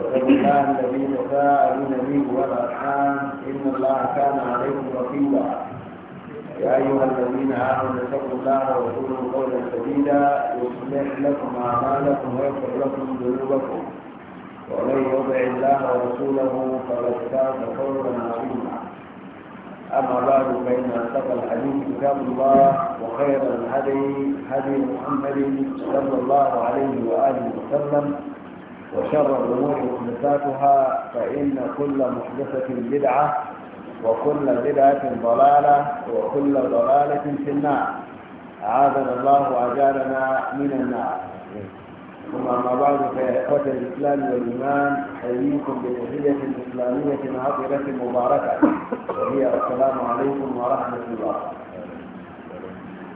واتقوا الله الذي تساءلون به والارحام ان الله كان عليكم رقيبا يا ايها الذين امنوا اتقوا الله وقولوا قولا سديدا يصلح لكم اعمالكم ويغفر لكم ذنوبكم ومن يطع الله ورسوله فقد فاز فوزا عظيما أما بعد فإن اتقى الحديث كتاب الله وخير الهدي هدي محمد صلى الله عليه وآله وسلم وشر الأمور محدثاتها فإن كل محدثة بدعة وكل بدعة ضلالة وكل ضلالة في النار أعاذنا الله وأجارنا من النار ثم أما بعد فيا إخوة الإسلام والإيمان أحييكم بالأهلية إسلامية عطرة مباركة وهي السلام عليكم ورحمة الله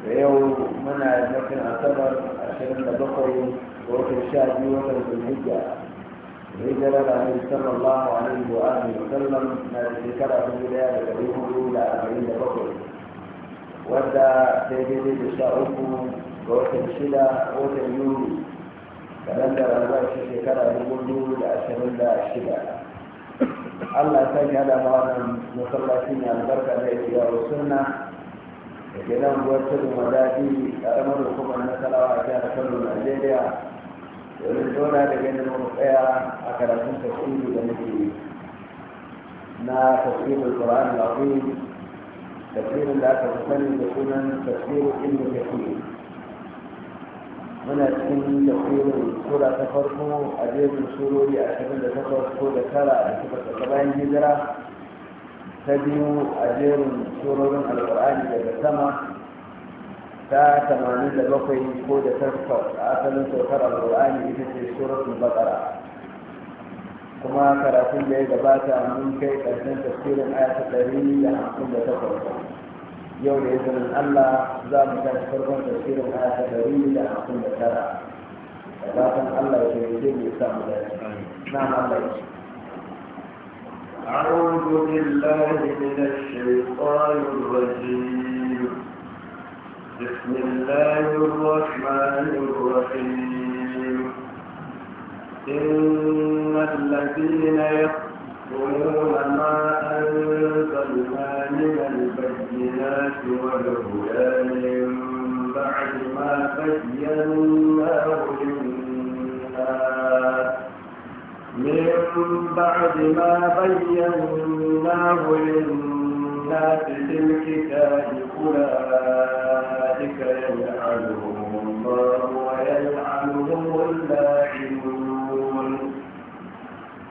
ويوم منع ذكر أعتبر أشهر بقري watan sha biyu watan zulhijja hijira da nabi sallallahu alaihi wa alihi wa sallam na da shekara dubu daya da dari hudu da arba'in da bakwai wadda ta yi da sha uku ga watan shida watan yuli kalandar albashi shekara dubu biyu da ashirin da shida Allah ta yi hada wannan masallaci ne albarka da ya biya wa sunna da ke nan buwar tudun wadadi ƙaramar hukumar nasarawa a jihar Kano Najeriya domin zauna da ganin mu tsaya a karatun tafsiri da muke yi na tafsirin Qur'an al-Azim tafsirin da aka sani da sunan tafsirin Ibn Kathir muna cikin tafsirin sura ta farko a jerin surori ashirin da takwas ko da tara da suka tsaka bayan hijira ta biyu a jerin surorin alƙur'ani daga sama ta da bakwai ko da tarfar a asalin saukar alƙur'ani ita ce suratul baqara kuma karatun da ya gabata mun kai ƙarshen tafsirin ayata takwas. yau da izinin Allah za mu tashi farkon tafsirin ayata 159 da hamsin da da tara, fatan Allah ya taimake mu sa mu dace na Allah ya ce أعوذ بالله من الشيطان الرجيم بسم الله الرحمن الرحيم إن الذين يقولون ما أنزلنا من البينات والهدى من بعد ما بيناه للناس من بعد ما بيناه للناس الناس في الكتاب أولئك يلعنهم الله ويلعنهم اللاعنون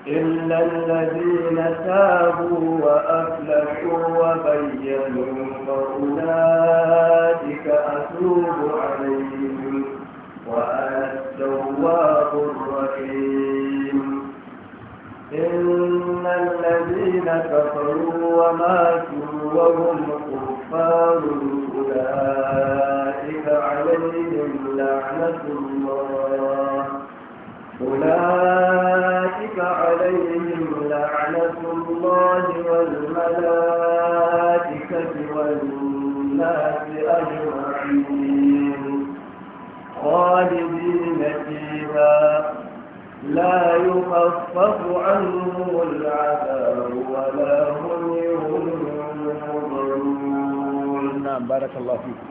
إلا الذين تابوا وأفلحوا وبينوا فأولئك أتوب عليهم وأنا التواب الرحيم إن الذين كفروا وماتوا وهم كفار أولئك عليهم لعنة الله أولئك عليهم لعنة الله والملائكة والناس أجمعين خالدين فيها لا يخفف عنهم العذاب ولا هم ينظرون نعم بارك الله فيكم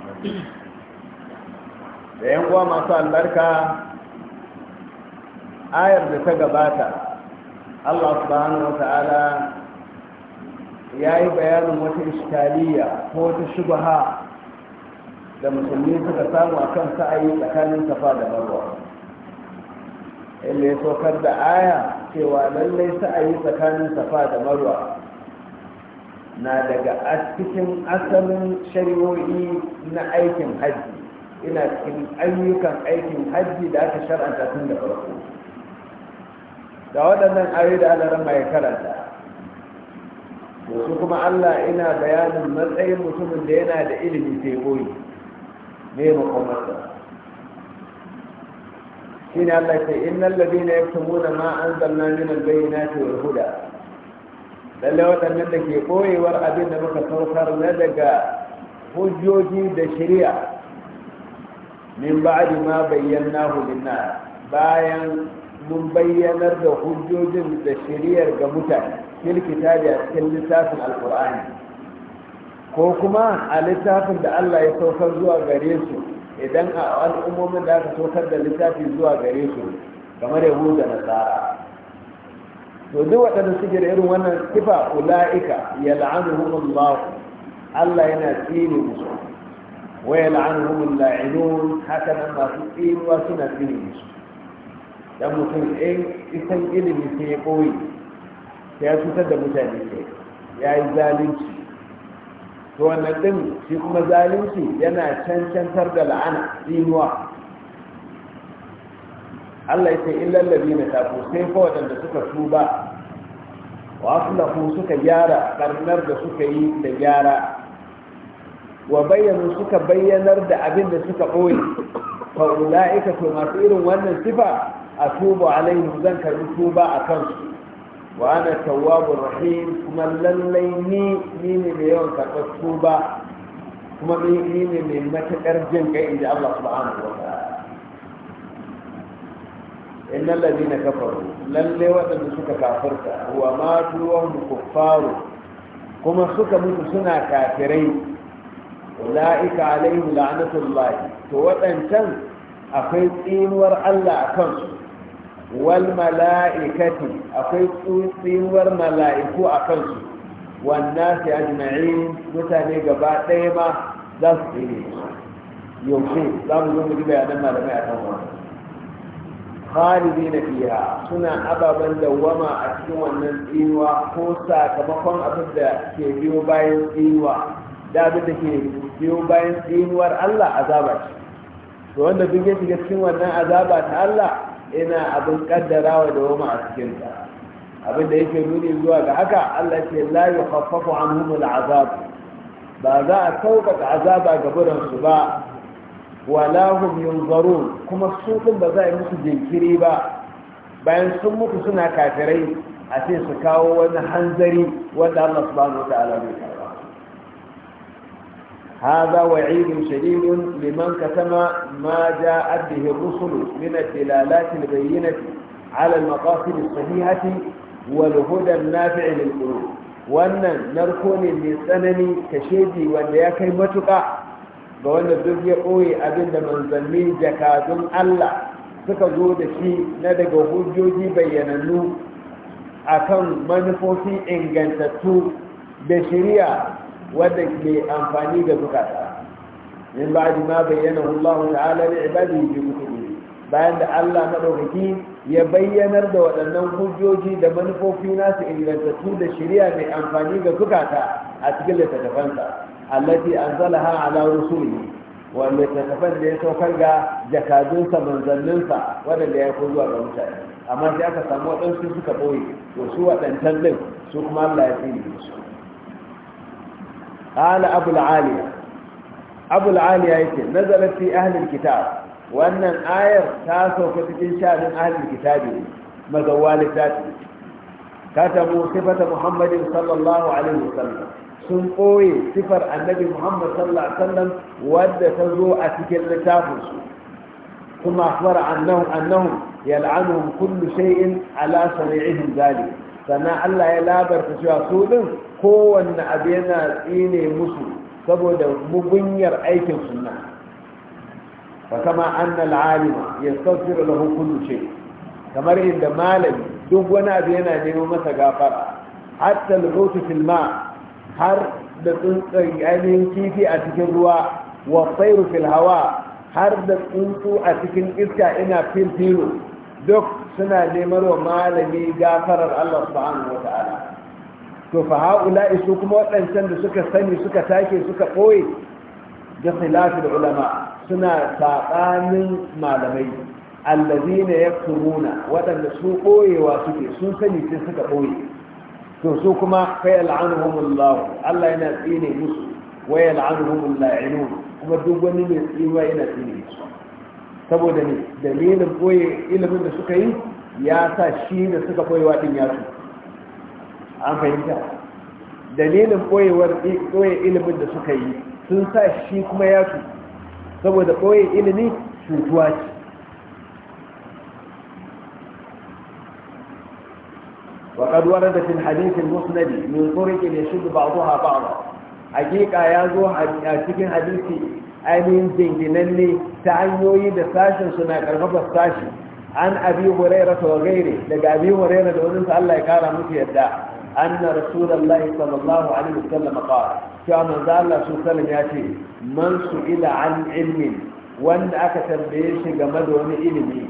da yan uwa masu albarka ayar da ta gabata allah subhanahu wa ta'ala ya yi bayanin wata iskaliya ko wata shubaha da musulmi suka samu a kan sa'ayi tsakanin safa da marwa inda ya da aya cewa lallai sa'ayi tsakanin safa da marwa na daga cikin asalin shari'o'i na aikin hajji ina cikin ayyukan aikin hajji da aka shar'anta tun da farko da waɗannan ayoyi da alaran mai karanta su kuma allah ina bayanin matsayin mutumin da yana da ilimi sai goyi ne makomarsa shine Allah ce innal ladina yaktumuna ma anzalna min al-bayyinati wal huda lalle waɗannan da ke koyewar abin da muka saukar na daga hujjoji da shari'a min ba'di ma bayyanahu bayan mun bayyanar da hujjojin da shari'ar ga mutane fil kitabi a cikin littafin alkur'ani ko kuma a littafin da Allah ya saukar zuwa gare su idan a al'ummomin da aka saukar da littafi zuwa gare su kamar yahu da nasara to duk waɗanda suke da irin wannan kifa ula'ika ya la'anuhum Allah Allah yana tsini musu wa ya la'anu hukun la'inu haka nan masu tsiniwa suna tsini musu dan mutum in isan ilimi sai ya koyi sai ya cutar da mutane ke ya yi zalunci to wannan din shi kuma zalunci yana cancantar da la'ana dinuwa Allah yake illal ladina tafu sai fa wadanda suka tuba wa aslahu suka gyara karnar da suka yi da gyara wa bayyana suka bayyanar da abin da suka boye fa ulaika to masu irin wannan sifa atubu alaihim zan karbi tuba akan su wa ana tawwabur rahim kuma lallai ni ni ne mai yawan karɓar tuba kuma ni ne mai matuƙar jin kai inda Allah subhanahu wa ta'ala innal ladina kafaru lalle waɗanda suka kafirta wa matu wa kuffaru kuma suka mutu suna kafirai ulaika alaihim la'natullah to waɗancan akwai tsinuwar Allah a kansu wal mala'ikati akwai tsuntsuwar mala'iku a kansu wannan sai ajma'in mutane gaba ɗaya ma za su tsine yauke za mu zo mu ji bayanan malamai a kan wannan khalidina fiha suna ababen dawama a cikin wannan tsinuwa ko sakamakon abin da ke biyo bayan tsinuwa da abin da ke biyo bayan tsinuwar Allah azaba ce to wanda duk ya shiga cikin wannan azaba ta Allah ina abin ƙaddarawa da wama a cikin abin da yake nuni zuwa ga haka Allah ce la yukhaffafu anhum al'azab ba za a sauƙaƙa azaba ga buran su ba wala hum yunzarun kuma su din ba za a yi musu jinkiri ba bayan sun mutu suna kafirai a ce su kawo wani hanzari wanda Allah subhanahu wa ta'ala bai هذا وعيد شديد لمن كتم ما جاءت به الرسل من الدلالات البينة على المقاصد الصحيحة والهدى النافع للقلوب wannan narko ne mai tsanani kashedi wanda ya kai matuƙa ga wanda duk ya ɓoye abin da manzanni jakadun Allah suka zo da shi na daga hujjoji bayyanannu kan manufofi ingantattu da shari'a. wadda ke amfani ga zukata min ji ma bayyana Allah ta'ala li ibadihi bi kutubih bayan da Allah maɗaukaki ya bayyanar da waɗannan hujjoji da manufofi nasu ingantattu da shiriya mai amfani ga zukata a cikin littattafansa allati anzalaha ala rusuli wa littattafan da ya saukar ga jakadunsa manzanninsa waɗanda ya ko zuwa ga mutane amma sai aka samu waɗansu suka ɓoye to su waɗancan ɗin su kuma Allah ya tsiri su قال أبو العالية أبو العالية يتي نزلت في أهل الكتاب وأن الآية تاسو كتكين شاء من أهل الكتاب مزوال الذات كتبوا صفة محمد صلى الله عليه وسلم sun ɓoye sifar annabi muhammad sallallahu wadda ta zo a cikin littafinsu kuma akhbara annahum annahum yal'anuhum kullu shay'in ala sari'ihim zalik sannan Allah ya labarta cewa su din kowanne abu yana tsine musu saboda mugunyar aikin suna fa kama anna alima yastaghfiru lahu kullu shay kamar inda malami duk wani abu yana nemo masa gafara hatta al fil ma har da tsuntsun ainihin kifi a cikin ruwa wa tsairu fil hawa har da tsuntsu a cikin iska ina filfilo duk suna nemar wa malami gafarar Allah subhanahu wa ta'ala to fa haula kuma waɗancan da suka sani suka take suka ɓoye da khilafin ulama suna saɓanin malamai ya yaktumuna waɗanda su ɓoyewa suke sun sani sai suka ɓoye to su kuma fa yal'anuhumullah Allah yana tsine musu wa yal'anuhumul la'inun kuma duk wani mai tsiwa yana tsine saboda ne dalilin ɓoye ilimin da suka yi ya sa shi da suka ɓoyewa ɗin ya an fahimta dalilin ɓoyewar ɓoye ilimin da suka yi sun sa shi kuma ya su saboda ɓoye ilimi cutuwa ce وقد ورد في الحديث المسند من طرق يشد بعضها بعضا ya zo a cikin hadisi ainihin jinginalle ta hanyoyi da sashen suna karfafa sashi an abi hurairah wa ghairi daga abi huraira da wurin sa Allah ya kara musu yadda أن رسول الله صلى الله عليه وسلم قال كما قال الله صلى الله عليه وسلم يأتي من سئل عن علم وأن أكثر بيش جمد ومن علمي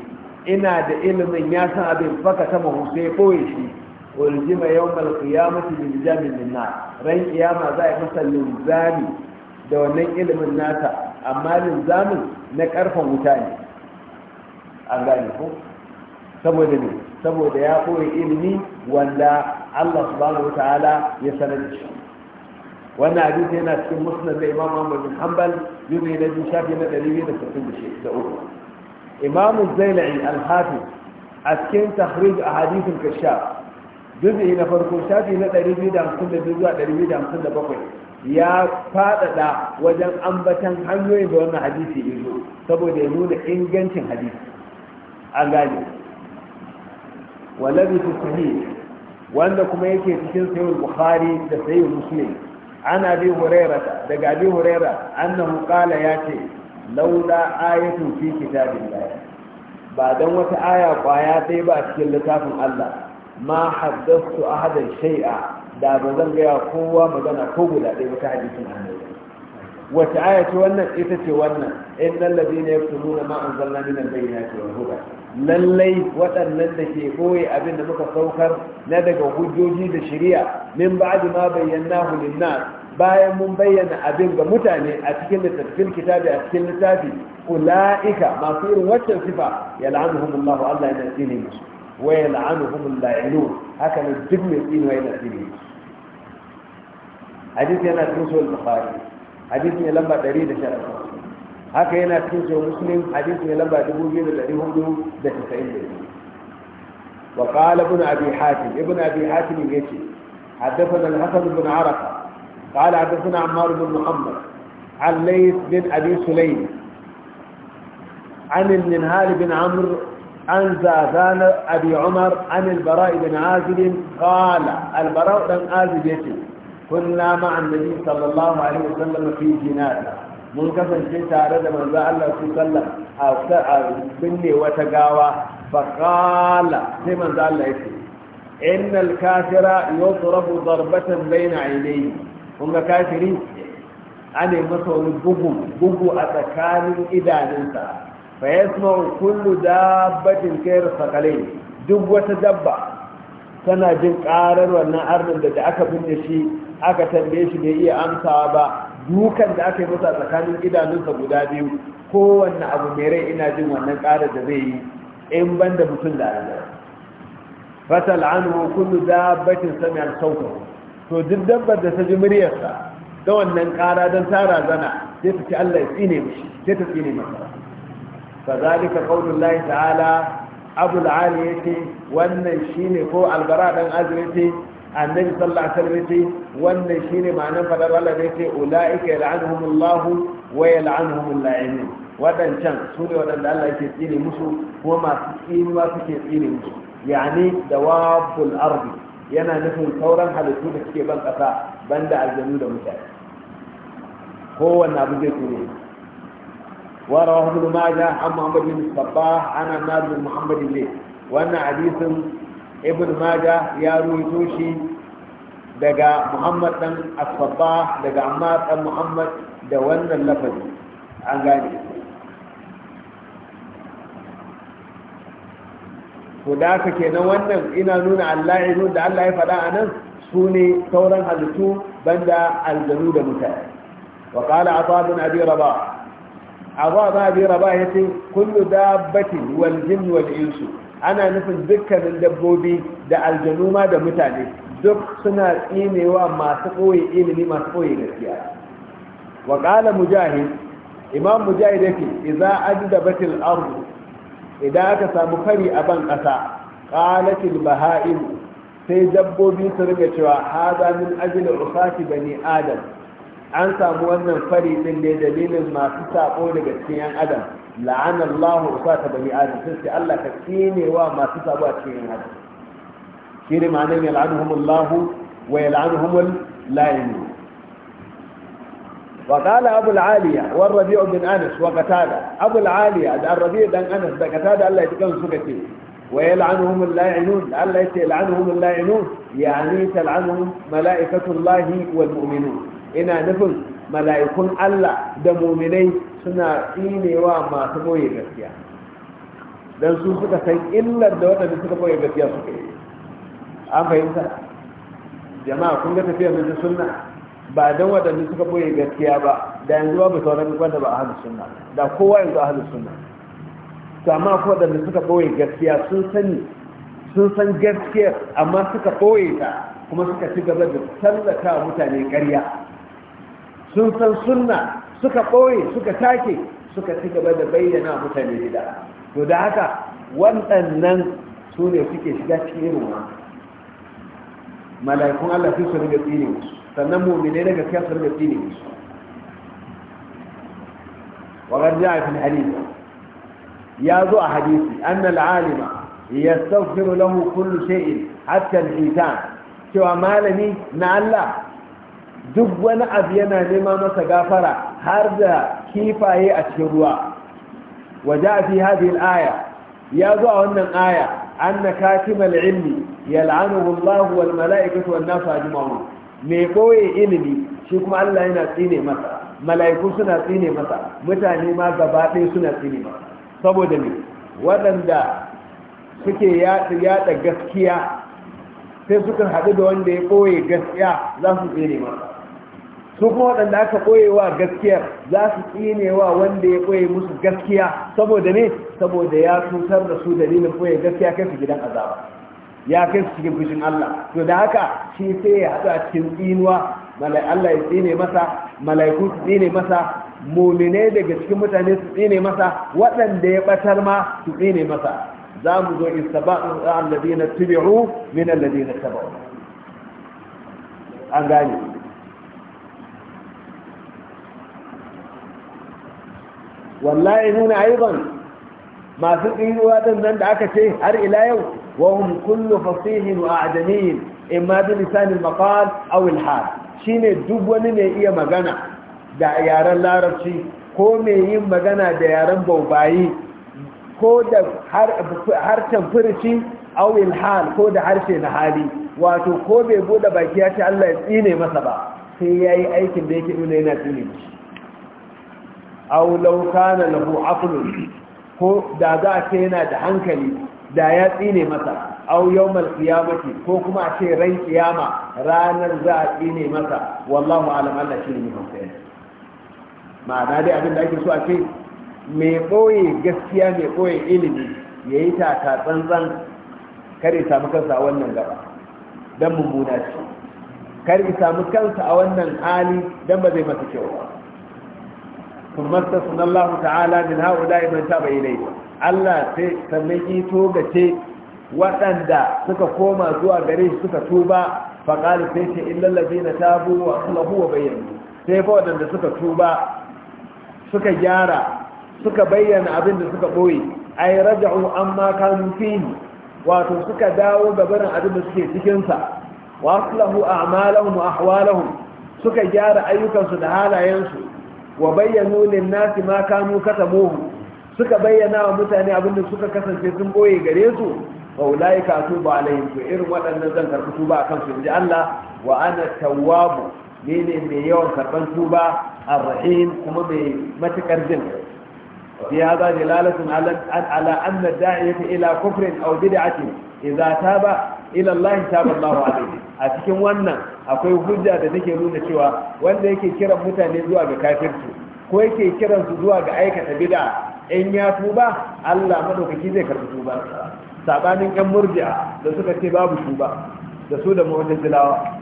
إنا دا علم ياسا أبي فكتمه سيقويش والجم يوم القيامة بالجام من النار رين قيامة ذا مثل للزامي da wannan ilimin nasa amma linzamin na karfan wuta ne an gane ko saboda ne saboda ya koyi ilimi wanda Allah subhanahu wataala ya sanar da shi wannan hadisi yana cikin musnad da Imam Ahmad bin Hanbal yubi na biyu shafi na 263 Imam Zailai al-Hafiz a cikin tahrij a hadisin kashaf juzi na farko shafi na ɗari biyu da da hamsin biyu zuwa ɗari biyu da da hamsin bakwai. ya faɗaɗa wajen ambatan hanyoyin da wannan hadisi ya zo saboda ya nuna ingancin hadisi an gane ولبثوا صحيح wanda kuma yake cikin sayyid bukhari da sayyid muslim ana bi huraira daga abi huraira annahu qala yace laula ayatu fi kitabillah ba dan wata aya kwaya sai ba cikin littafin Allah ma haddathtu ahadan shay'a da ba zan ga kowa magana ko guda ɗaya ba ta hadisin annabi وتعالى تولنا إتتولنا إن الذين يكتبون ما أنزلنا من البينات والهدى للي وطن لدك يقوي أبن نمك صوكر ندك وحجوجي بشريع من بعد ما بيناه للناس بايا من بينا أبن بمتاني أتكلم تفكير كتابي أتكلم تافي أولئك ما صير وشن صفا يلعنهم الله الله إن أتينهم ويلعنهم اللاعنون هكذا الدقم يتين وإن أتينهم حديث ينا تنسو البخاري hadisi ne lamba 111 haka yana cikin sahih muslim hadisi ne lamba 2490 wa qala ibn abi hatim ibn abi hatim yace حدثنا الحسن بن عرفه قال حدثنا عمار بن محمد عن ليث بن ابي سليم عن المنهال بن عمرو عن زازان ابي عمر عن البراء بن عازب قال البراء بن عازب يتي kunna ma annabi sallallahu alaihi wasallam fi jinaza mun kasance tare da manzo Allah su sallam a binne wata gawa faqala sai manzo Allah yake innal kafira yutrafu darbatan bayna ainihi kun ga kafiri ane masa wani bugu bugu a tsakanin idanunsa fa yasma'u kullu dabbatin kayr sakalai duk wata dabba tana jin karar wannan arnin da da aka binne shi aka tambaye shi bai iya amsawa ba dukan da aka yi masa tsakanin idanunsa guda biyu kowanne abu mai rai ina jin wannan karar da zai yi in ban da mutum da Allah fatal anhu kullu dabbatin sami'a sautahu to duk dabbar da ta ji muryarsa da wannan kara don tara zana sai ta ci Allah ya tsine mishi sai ta tsine masa fa zalika qaulullahi ta'ala abul ya ce wannan shine ko albara ɗan azmi yace annabi sallallahu alaihi wasallam ce, wannan shine ma'anar fadar Allah da yace ulaika yal'anuhumullahu wa yal'anuhumul la'imin wadancan su ne wadanda Allah yake tsine musu kuma masu tsinuwa suke tsine musu yani dawabul ardi yana nufin sauran halittu da suke ban kasa banda aljanu da mutane kowanne abu zai tsine wara wasu ma ja an muhammadin babba ana nazarin muhammadin ne wannan hadisin ibn ya ruwaito shi daga muhammad dan asbabba daga amma dan muhammad da wannan lafazi an gane ko da aka ke nan wannan ina nuna allah ya da allah ya faɗa a nan su ne sauran halittu banda aljanu da mutane وقال عطاء بن ابي abu ma bi raba ya ce kullu dabbatin wal jinn wal insu ana nufin dukkanin dabbobi da aljanu ma da mutane duk suna tsinewa masu koyi ilimi masu koyi gaskiya wa qala mujahid imam mujahid yake idza ajdabatil ardu idan aka samu fari a ban kasa qalatil baha'im sai dabbobi su riga cewa hada min ajli usati bani adam an samu wannan fari din ne dalilin masu sabo daga cikin yan adam la'ana sa ta bani adam ce Allah ka wa masu sabo a cikin yan adam shi ne ma'anar yal'anuhumullahu wa yal'anuhumul la'inu anas da العالية Allah ya أنس وقتادة suka ce. الربيع بن أنس وقتادة الله Allah ya ce la'anu humul يلعنهم اللاعنون يعني تلعنهم ملائكة الله والمؤمنون ina nufin mala'ikun Allah da muminai suna tsinewa masu boye gaskiya don su suka san illar da waɗanda suka boye gaskiya suka yi an fahimta jama'a kun ga tafiya da sunna ba don waɗanda suka boye gaskiya ba da yanzu ba babu sauran gwada ba ahlus sunna da kowa yanzu ahlus sunna to amma ko waɗanda suka boye gaskiya sun sani sun san gaskiya amma suka boye ta kuma suka ci gaba da tallata mutane ƙarya sun san sunna suka ɓoye suka take suka ci gaba da bayyana mutane gida. to da haka waɗannan su ne suke shiga cikin irin wannan mala'ikun Allah sai su riga tsine musu sannan mu'mine na gaskiya su riga tsine musu wa qad ja'a fi hadith ya zo a hadisi anna al-alima yastaghfiru lahu kullu shay'in hatta al-hitan cewa malami na Allah duk wani abu yana nema masa gafara har da kifaye a cikin ruwa waje a fi hadhihi aya ya zo a wannan aya anna katimal ilmi yal'anuhu Allah wal mala'ikatu wan nasu ajma'un me koye ilimi shi kuma Allah yana tsine masa mala'iku suna tsine masa mutane ma gaba ɗaya suna tsine masa saboda ne waɗanda suke yaɗa gaskiya sai suka haɗu da wanda ya ɓoye gaskiya za su tsere masa su kuma waɗanda aka wa gaskiyar za su tsinewa wanda ya ɓoye musu gaskiya saboda ne saboda ya cutar da su dalilin ɓoye gaskiya kai su gidan azaba ya kai su cikin fushin Allah to da haka shi sai ya haɗu a cikin tsinuwa Allah ya tsine masa mala'iku su tsine masa muminai daga cikin mutane su tsine masa waɗanda ya ɓatar ma su tsine masa za mu zo in istaba'u alladina tubi'u min alladina saba'u an gane wallahi nuna aiban masu tsinuwa din nan da aka ce har ila yau wa hum kullu fasihin wa In ma bi lisanil maqal aw al hal shine duk wani ne iya magana da yaren larabci ko mai yin magana da yaren baubayi ko da harshen furici aw al hal ko da harshe na hali wato ko bai bude baki ya ce Allah ya tsine masa ba sai yayi aikin da yake nuna yana tsine shi aw law kana lahu aql ko da za a ce yana da hankali da ya tsine masa aw yawmal qiyamati ko kuma a ce ran kiyama ranar za a tsine masa wallahu alam Allah shi ne mai ma'ana dai abin da ake so a ce mai ɓoye gaskiya mai ɓoye ilimi ya yi taka tsantsan kare samu kansa a wannan gaba don mummuna ce kare samu kansa a wannan hali don ba zai masa kyau ba ثم استثنى الله تعالى من هؤلاء bai تاب إليه Allah sai sannan ito ga ce waɗanda suka koma zuwa gare shi suka tuba faƙali sai ce illallabi na tabu wa lahu wa bayyana sai fa waɗanda suka tuba suka gyara suka bayyana abin da suka ɓoye ai raja'u amma kanu fihi wato suka dawo ga barin abin da suke cikinsa wa aslahu a'malahum wa ahwalahum suka gyara ayyukansu da halayensu wa bayyanu nasi ma kanu kasabuhu suka bayyana wa mutane abin da suka kasance sun boye gare su wa ulaika atubu alaihim to irin waɗannan zan karɓi tuba akan su inji Allah wa ana ne ne mai yawan karban tuba arrahim kuma mai matukar jin في هذا دلالة على أن الداعية إلى كفر أو بدعة إذا تاب إلى الله تاب الله a cikin wannan. akwai hujja da take nuna cewa wanda yake kiran mutane zuwa ga kafirci ko yake kiran su zuwa ga aikata bid'a in ya tuba Allah madaukaki zai karbi tuba sabanin yan murji'a da suka ce babu tuba da su da mu'tazilawa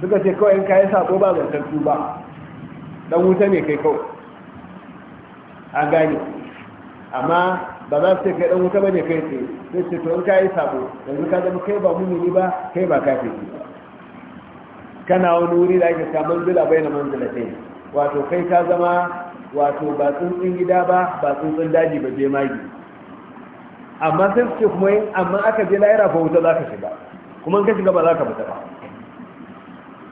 suka ce kawai in kai sabo ba zan tuba dan wuta ne kai kawai an gane amma ba za su ce kai dan wuta bane kai ce sai ce to in kai sabo yanzu ka zama kai ba mumini ba kai ba kafiri ba kana wani wuri da ake samun zula bai na manzilatai wato kai ka zama wato ba tsuntsun gida ba ba tsuntsun daji ba je magi amma sai su ce kuma yin amma aka je lahira ko wuta za ka shiga kuma in ka shiga ba za ka fita ba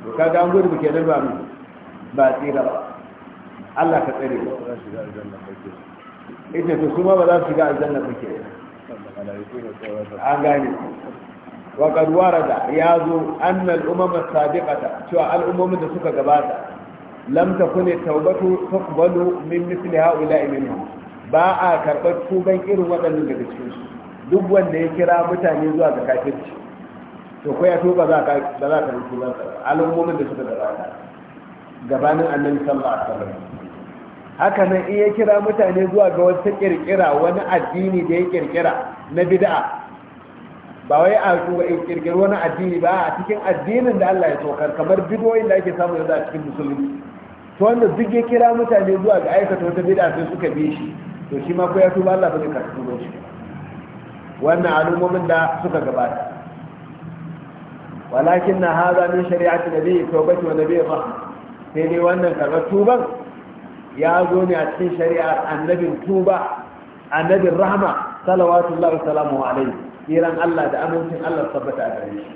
to ka ga an gudu ke nan ba mu ba tsira ba Allah ka tsare ba ita to su ma ba za su shiga aljanna ba ke an gane وقد ورد رياض ya zo anna al الأمم as-sabiqata cewa al da suka gabata lam takun tawbatu tuqbalu min mithli ha'ula'i minhum ba a karɓar tuban irin waɗannan daga cikin su duk wanda ya kira mutane zuwa ga kafirci to ko ya tuba za haka nan iya kira mutane zuwa ga wata kirkira wani addini da ya kirkira na bid'a ba wai a kirkiri wani addini ba a cikin addinin da Allah ya saukar kamar bidoyin da ake samu yanzu a cikin musulunci to wanda duk ya kira mutane zuwa ga aikata wata bid'a sai suka bi shi to shi ma ko ya tuba Allah bane zai karɓi tuba shi wannan al'ummomin da suka gabata walakin na hada min shari'ati nabi tawbati wa nabi ba. sai dai wannan karbar tuban ya zo ne a cikin shari'ar annabin tuba annabin rahma salawatullahi wa salamuhu alaihi tsiran Allah da amincin Allah tabbata a gare shi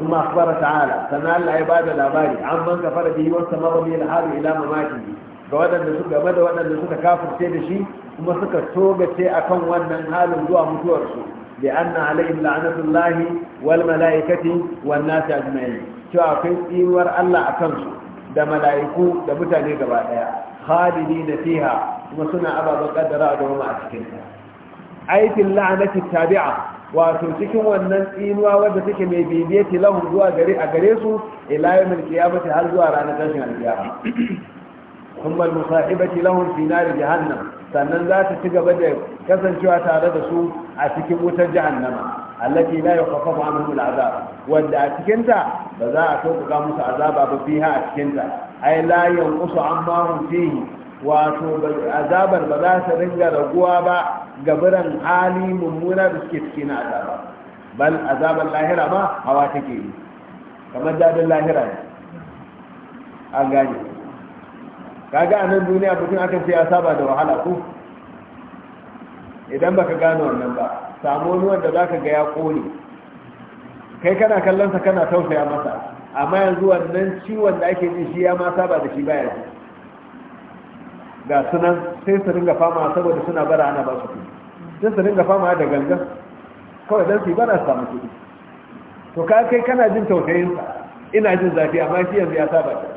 kuma akhbara ta'ala sana Allah ya bada labari an man kafara bihi wa samara bihi al-haru ila mamatihi ga wadanda su game da wadanda suka kafirce da shi kuma suka togace akan wannan halin zuwa mutuwar su bi anna alaihim la'natullahi wal mala'ikati wan nasi ajma'in cewa akwai tsiwar Allah akan su da mala'iku da mutane gaba daya khalidina fiha kuma suna ababen kaddara da wama a cikin ta aikin la'anati tabi'a wato cikin wannan tsinuwa wadda take mai bibiyati lahum zuwa gare a gare su ila yawmil qiyamati har zuwa ranar tashin alkiyama kuma musahibati lahum fi nar jahannam sannan za ta ci gaba da kasancewa tare da su a cikin wutar jahannama allati la yukhaffafu anhum al'azab wanda a cikin ta ba za a sauƙaƙa musu azaba ba fiha a cikin ta ay la yanqusu amma hum fihi wato azabar ba za ta ringa raguwa ba ga biran hali mummuna da suke ciki na azaba bal azabar lahira ma hawa take yi kamar dadin lahira ne an gane kaga a nan duniya mutum akan sai ya saba da wahala ko idan baka gane wannan ba samu wani wanda zaka ga ya kone kai kana kallon sa kana tausaya masa amma yanzu wannan ciwon da ake ji shi ya ma saba da shi baya ji ga sunan sai su ringa fama saboda suna bara ana ba su kuɗi sai su ringa fama da gangan kawai don su yi bara su samu kuɗi to ka kai kana jin tausayinsa ina jin zafi amma shi yanzu ya saba ta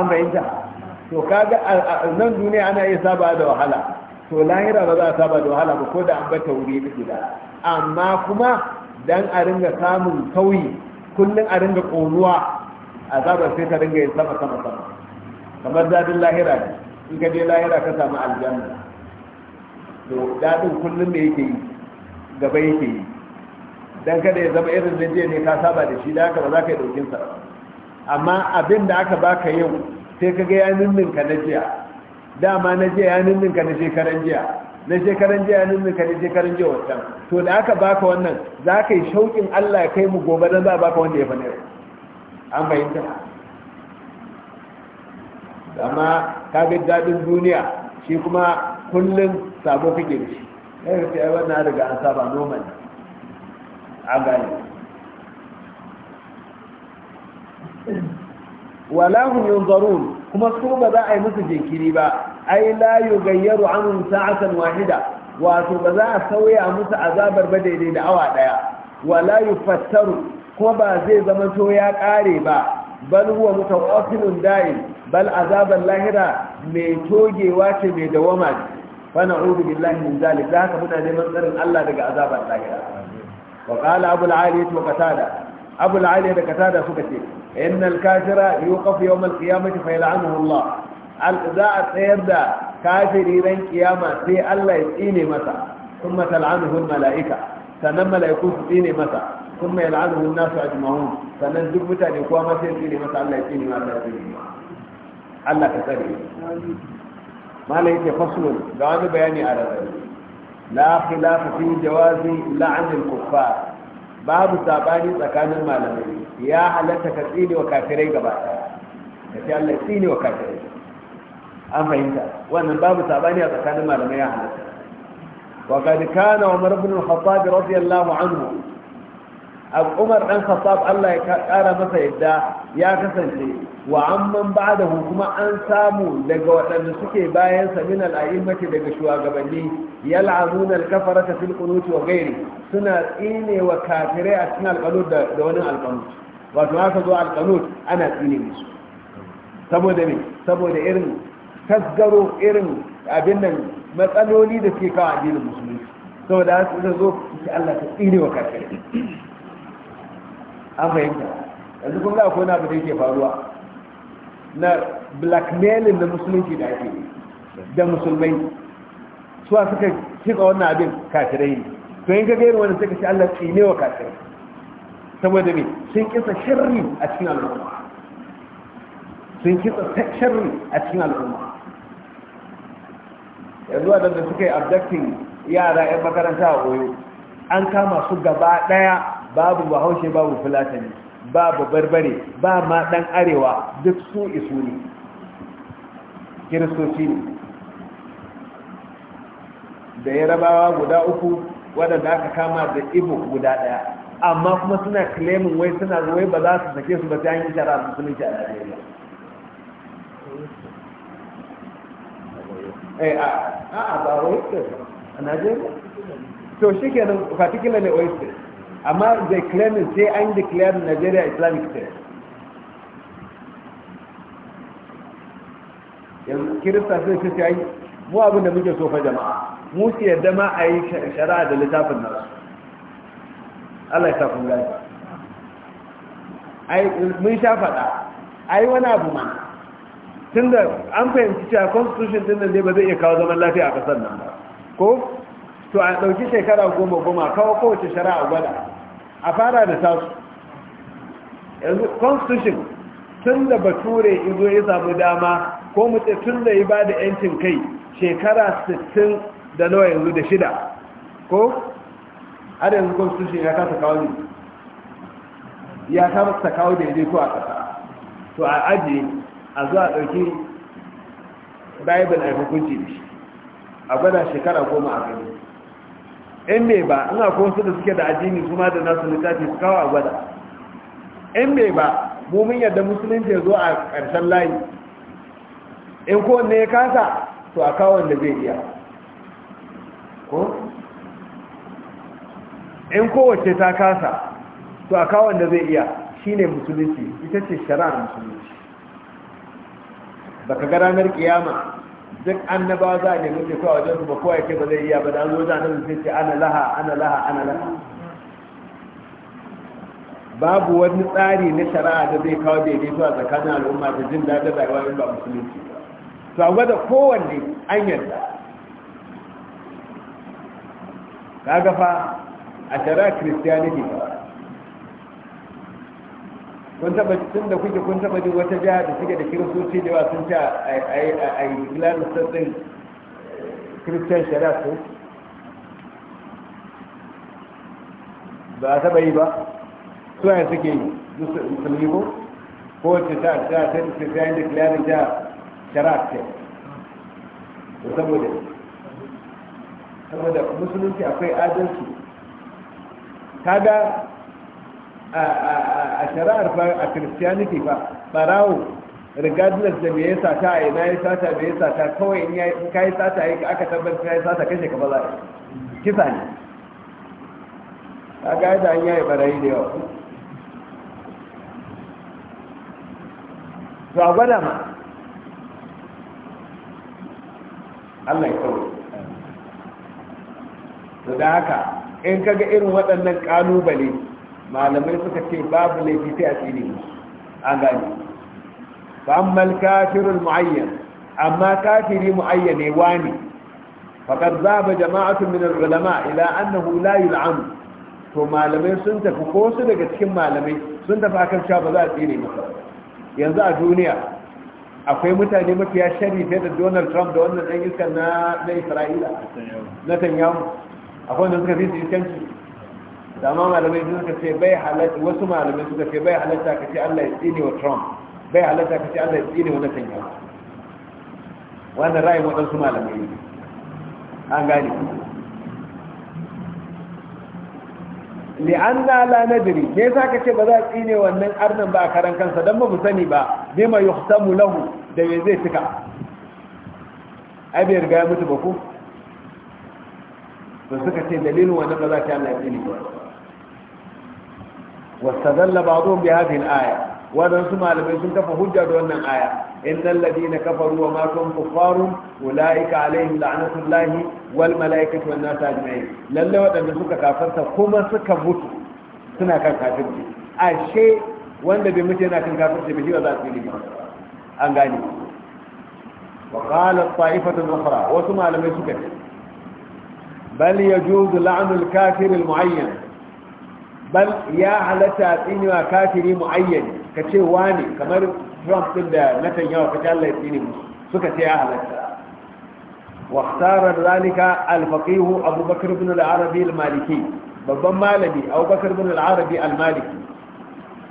an bayyanta to kaga nan duniya ana iya saba da wahala to lahira ba za a saba da wahala ba ko da an bata wuri guda amma kuma dan a ringa samun kauyi kullum a ringa a azabar sai ta ringa yin sama sama sama kamar dadin lahira ne in ka je lahira ka samu aljanna to dadin kullum da yake yi gaba yake yi dan kada ya zama irin da ne ka saba da shi da haka ba za ka yi dokin sa amma abin da aka baka yau sai ka ga ya ninninka na jiya dama na jiya ya ninninka na shekaran jiya na shekaran jiya ya ka na shekaran jiya wancan to da aka baka wannan za ka yi shauƙin Allah kai mu gobe don za a baka wanda ya fa an fahimta. amma ka ga daɗin duniya shi kuma kullum sabo kake da shi ya yi wannan daga an saba normal a gani walahun kuma su ba za a yi musu jinkiri ba ai la yugayyaru anhum sa'atan wahida wato ba za a sauya musu azabar ba daidai da awa daya wala yufattaru kuma ba zai zama to ya kare ba bal huwa mutawafilun da'in bal azaban lahira mai togewa ce mai dawama ce fa na'udhu billahi min zalik da haka muna neman tsarin Allah daga azaban lahira wa qala abu al-ali wa qatada abu al-ali da qatada suka ce innal kafira yuqaf yawm al-qiyamati fa yal'anuhu Allah za a tsayar da kafiri ran kiyama sai Allah ya tsine masa kuma tal'anuhu al-mala'ika sannan mala'iku su tsine masa sun mai la'azuhu nasu ajma'un sannan duk mutane kowa ma sai tsire masa Allah ya tsire masa tsire Allah ka tsare malai yake ga wani bayani a razari la khilafa fi jawazi la'anil kuffar babu sabani tsakanin malamai ya halatta ka tsine wa kafirai gaba ce Allah tsine wa kafirai an fahimta wannan babu a tsakanin malamai ya halatta وقد كان عمر بن الخطاب رضي الله عنه umar dan khattab Allah ya kara masa yadda ya kasance wa amman ba'dahu kuma an samu daga waɗanda suke bayan sa min al'a'immati daga shugabanni yal'azuna al-kafarata fil qunut wa ghairi suna tsine wa kafirai a cikin alqanut da wani alqanut wato haka zo alqanut ana tsine musu saboda me saboda irin tasgaro irin abin nan matsaloli da suke kawo addinin musulunci saboda haka zo Allah ta tsine wa kafirai an fahimta yanzu kuma ga akwai na abu da yake faruwa na blackmailing da musulunci da ake da musulmai suwa suka cika wannan abin kafirai ne to yin gagayar wani suka shi Allah tsine wa kafirai saboda me sun kisa shirri a cikin al'umma sun kisa shirri a cikin al'umma yanzu wadanda suka yi abducting yara 'yan makaranta a oyo an kama su gaba daya babu bahaushe babu fulatani babu barbare ba ma dan arewa duk su isu ne kiristoci ne da yarabawa guda uku waɗanda aka kama da ibo guda ɗaya amma kuma suna claimin wai suna wai ba za su sake su ba ta hanyar shara musulunci a Najeriya. Eh a a ba oyster a Najeriya? To shi kenan particularly oyster. amma they claim sai an declare Nigeria Islamic State yanzu kirista sai su ce mu abin da muke so fa jama'a mu su yadda ma a yi shari'a da littafin nasu Allah ya sa kun gani ai mun sha faɗa ai wani abu ma tunda an fahimci cewa constitution din nan ba zai iya kawo zaman lafiya a kasar nan ba ko to a ɗauki shekara goma goma kawo kowace shari'a gwada a fara da tasu yanzu constitution tun da bature izo ya samu dama ko mutu tun da ya ba da yancin kai shekara 60 da nawa yanzu da shida ko har yanzu constitution ya kasa kawo ne ya kasa kawo daidai ko a kasa to a ajiye a zuwa ɗauki bible a hukunci da shi a gwada shekara goma a gani in mai ba an kuma su da suke da addini kuma da nasu littafi su kawo a gwada in mai ba mumin yadda musulunci ya zo a ƙarshen layi in kowanne ya kasa to a kawo da zai iya ko? in kowace ta kasa to a kawo da zai iya shi ne musulunci ita ce shari'ar musulunci baka ga ranar kiyama duk annabawa za a nemi ce kawai wajen su ba kowa ke ba zai iya ba da an zo da annabi sai ce ana laha ana laha ana laha babu wani tsari na shari'a da zai kawo daidaito a tsakanin al'umma da jin daɗin rayuwa in ba musulunci to a gwada kowanne an yarda kaga fa a shari'a kiristiyaniti ba kun taba tun da kuke kun taba duk wata jiha da suke da kiristoci da yawa sun ci a yi gilanin sassan kiristiyan shari'a su ba a taba yi ba suwaye suke yi musulmi ko ce ta ta ta ta ta yi da gilanin jiha shari'a ce saboda saboda musulunci akwai adalci kaga a shari'ar a christianity ba, barawo regardless da me yasa sata a ina ya sata me yasa sata kawai in ka yi sata yi aka tabbatar ya yi sata kashe ka bala kisa ne ta gaya da an yi barayi da yawa to a gwada ma Allah ya kawo da haka in kaga irin waɗannan ƙalubale malamai suka ce babu laifi sai a tsine an gani fa kafirul muayyan amma kafiri muayyane wani faqad zaba jama'atu minar al-ulama ila annahu la la'amu, to malamai sun tafi ko su daga cikin malamai sun tafi akan cewa ba za a tsine masa yanzu a duniya akwai mutane mafiya shari fiye da donald trump da wannan ɗan iska na isra'ila na tanyahu akwai wanda suka fi su yi amma malamai sun suka ce bai halatta wasu malamai suka ce bai halatta ka ce Allah ya tsine wa Trump bai halatta ka ce Allah ya tsine wa yawa wannan ra'ayin waɗansu malamai ne an gane na la nadri me yasa ka ce ba za a tsine wannan arnan ba a karan kansa dan ba mu sani ba bima yuhtamu lahu da me zai tuka ai bai riga mutu ba ku to suka ce dalilin wannan ba za ta Allah ya tsine ba ba واستدل بعضهم بهذه aya. waɗansu malamai sun kafa hujja da wannan aya innal ladina kafaru wa ma kum kuffarun ulaika alaihim la'natullahi wal malaikatu wan nas ajma'in lalle waɗanda suka kafarta kuma suka mutu suna kan kafirci ashe wanda bai mutu yana kan kafirci bai ba za su yi an gane wa qala ta'ifatun ukhra wasu malamai suka ce bal yajuzu la'nul kafir al mu'ayyan bal ya halatta tsinewa kafiri mu'ayyani ka ce wani kamar trump din da netanyahu ka ce allah ya tsine musu suka ce ya halatta واختار ذلك الفقيه أبو al-Arabi al-Maliki, babban malami abubakar bin al'arabi al-maliki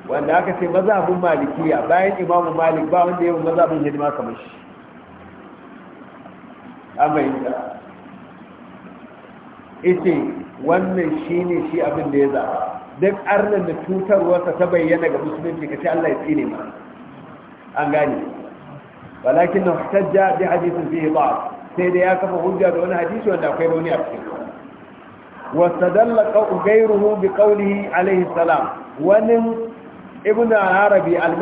wanda aka ce mazhabin malikiya bayan imamu malik ba wanda yawan mazhabin hidima kamar shi amma ita wannan shine shi abin da ya zaba duk arnan da cutarwarsa ta bayyana ga musulunci ka ce Allah ya tsine ma an gane walakin na hajjajja bi hadisin fiye ba sai da ya kafa hujja da wani hadisi wanda akwai rauni a cikin wastadalla ghayruhu bi qawlihi alayhi salam wani Ibn arabi al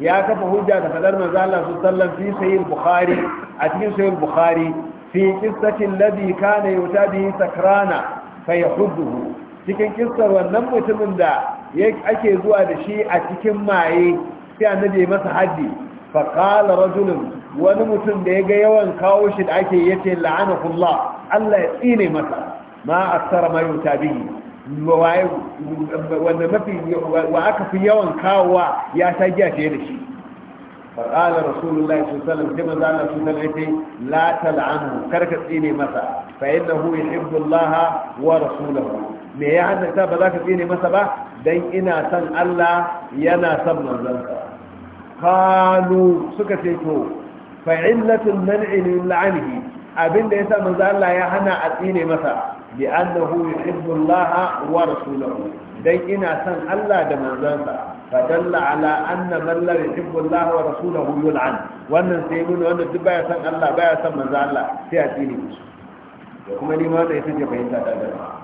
ya kafa hujja da fadar manzo Allah sallallahu alaihi fi sahih bukhari a cikin sahih bukhari fi qissati alladhi kana yutabi sakrana fayahudduhu cikin kistar wannan mutumin da ake zuwa da shi a cikin maye sai annabi ya masa haddi fa qala rajulun wani mutum da ya ga yawan kawo shi da ake ya yace la'anakullah Allah ya tsine masa ma aksara ma ta bihi wanda mafi wa aka fi yawan kawowa ya ta giya fiye da shi فقال رسول الله صلى الله عليه وسلم كما قال la'anu karka tsine masa, كركت إلي مسا فإنه يحب الله ورسوله me ya hannata ba za ka tsine masa ba dan ina son Allah yana son manzansa kanu suka ce to fa'illatul man'i lil'anhi abinda yasa manzo Allah ya hana a tsine masa bi annahu yuhibbu Allah wa rasulahu dan ina son Allah da manzansa fa dalla ala anna man la yuhibbu Allah wa rasulahu yul'an wannan sai mun wanda duk baya son Allah baya son manzo Allah sai a tsine mishi da kuma ni ma da ita ce fahimta ta da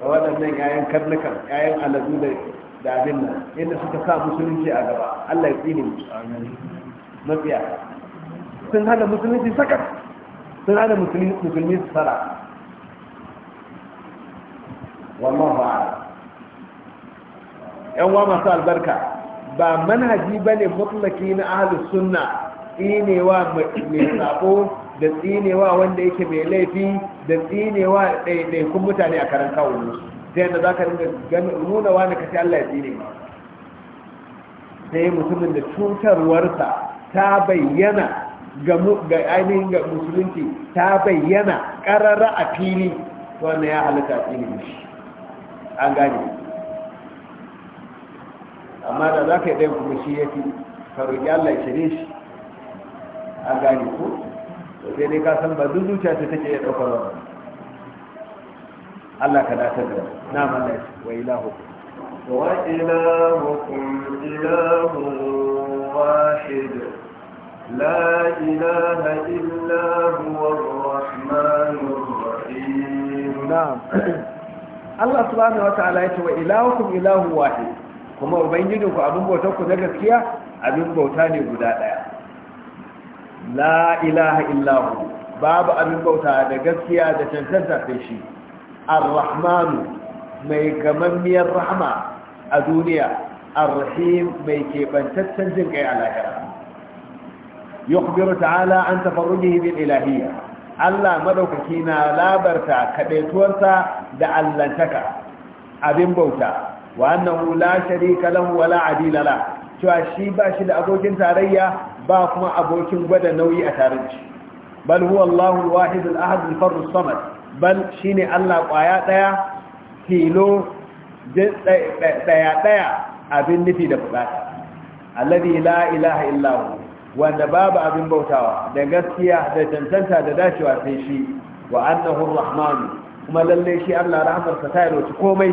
da waɗannan 'ya'yan karnukan 'ya'yan aladu da da abin nan inda suka sa musulunci a gaba Allah ya tsine mafiya sun hada musulunci sakat sun hada musulmi su fara wannan fa'a yan wa masu albarka ba manhaji ba ne mutlaki na ahalus sunna inewa mai sako da tsinewa wanda yake mai laifi da tsinewa ɗaiɗaikun mutane a karan musu ta yadda za ka dinga nuna wani kashe Allah ya tsine ta sai mutumin da cutarwarsa ta bayyana ga ainihin ga musulunci ta bayyana ƙarara a fili wanda ya halitta a tsine shi an gane amma da za ka yi ɗaya kuma shi ya fi karo roƙi Allah ya shi an gane ko sai dai ka san ba duk zuciya ta take iya ɗaukar wannan Allah ka dace da na mana wa ilahu wa ilahukum ilahu wahid la ilaha illa huwa ar-rahmanur rahim na'am Allah subhanahu wa ta'ala ya ce wa ilahukum ilahu wahid kuma ubangijinku abin bautar ku na gaskiya abin bauta ne guda daya la ilaha illahu babu abin bauta da gaskiya da cancanta da shi ar-rahmanu mai gamammiyar rahama a duniya ar-rahim mai kebantaccen jin kai a lahira ta'ala an tafarrujihi bil ilahiyya Allah madaukaki na labarta kadaituwarsa da allantaka abin bauta wa annahu la sharika lahu wala adila la cewa shi ba shi da abokin tarayya ba kuma abokin gwada nauyi a tare da shi bal huwa Allahu al-wahid al-ahad al-farru samad bal shine Allah kwaya daya tilo daya daya abin nufi da bukata alladhi la ilaha illa hu wanda babu abin bautawa da gaskiya da tantanta da dacewa sai shi wa annahu ar-rahman kuma lalle shi Allah rahmarsa ta yi komai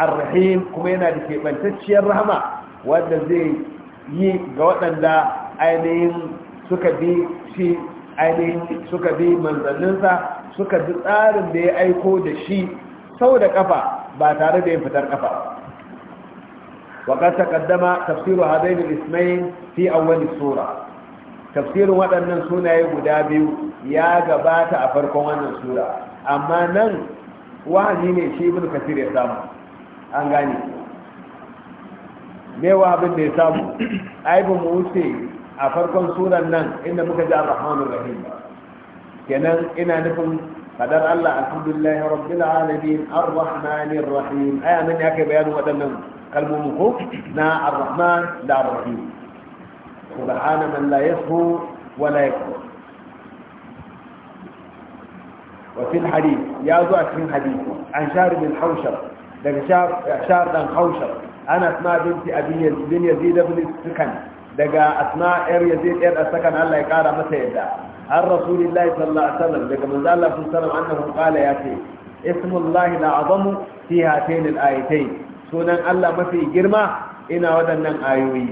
ar-rahim kuma yana da kebantacciyar rahama wanda zai yi ga waɗanda ainihin suka bi shi ainihin suka bi manzanninsa suka bi tsarin da ya aiko da shi sau da kafa ba tare da yin fitar kafa وقد تقدم تفسير هذين الاسمين fi أول sura, tafsirin waɗannan sunaye guda biyu ya gabata a farkon wannan sura amma nan wahani ne shi ibn kasir ya samu an gane me wa abin da ya samu ai mu wuce a farkon suran nan inda muka ji ar-rahmanur rahim kenan ina nufin kadar Allah alhamdulillahi rabbil alamin ar-rahmanir rahim aya nan ya kai bayanin waɗannan kalmomin ko na ar-rahman da ar-rahim subhana man la yasfu wa la yakfur وفي الحديث يا ذو أكرم حديث عن شهر بن حوشب ده شهر شهر بن حوشب أنا اسمع بنت أبي بن يزيد بن السكن daga asma yar yazid yar asakan Allah ya kara masa yadda har rasulullahi sallallahu alaihi wasallam daga manzo Allah sallallahu alaihi wasallam annahu qala ya ce ismullahi la'azamu fi hatain al-ayatain sunan Allah mafi girma ina waɗannan ayoyi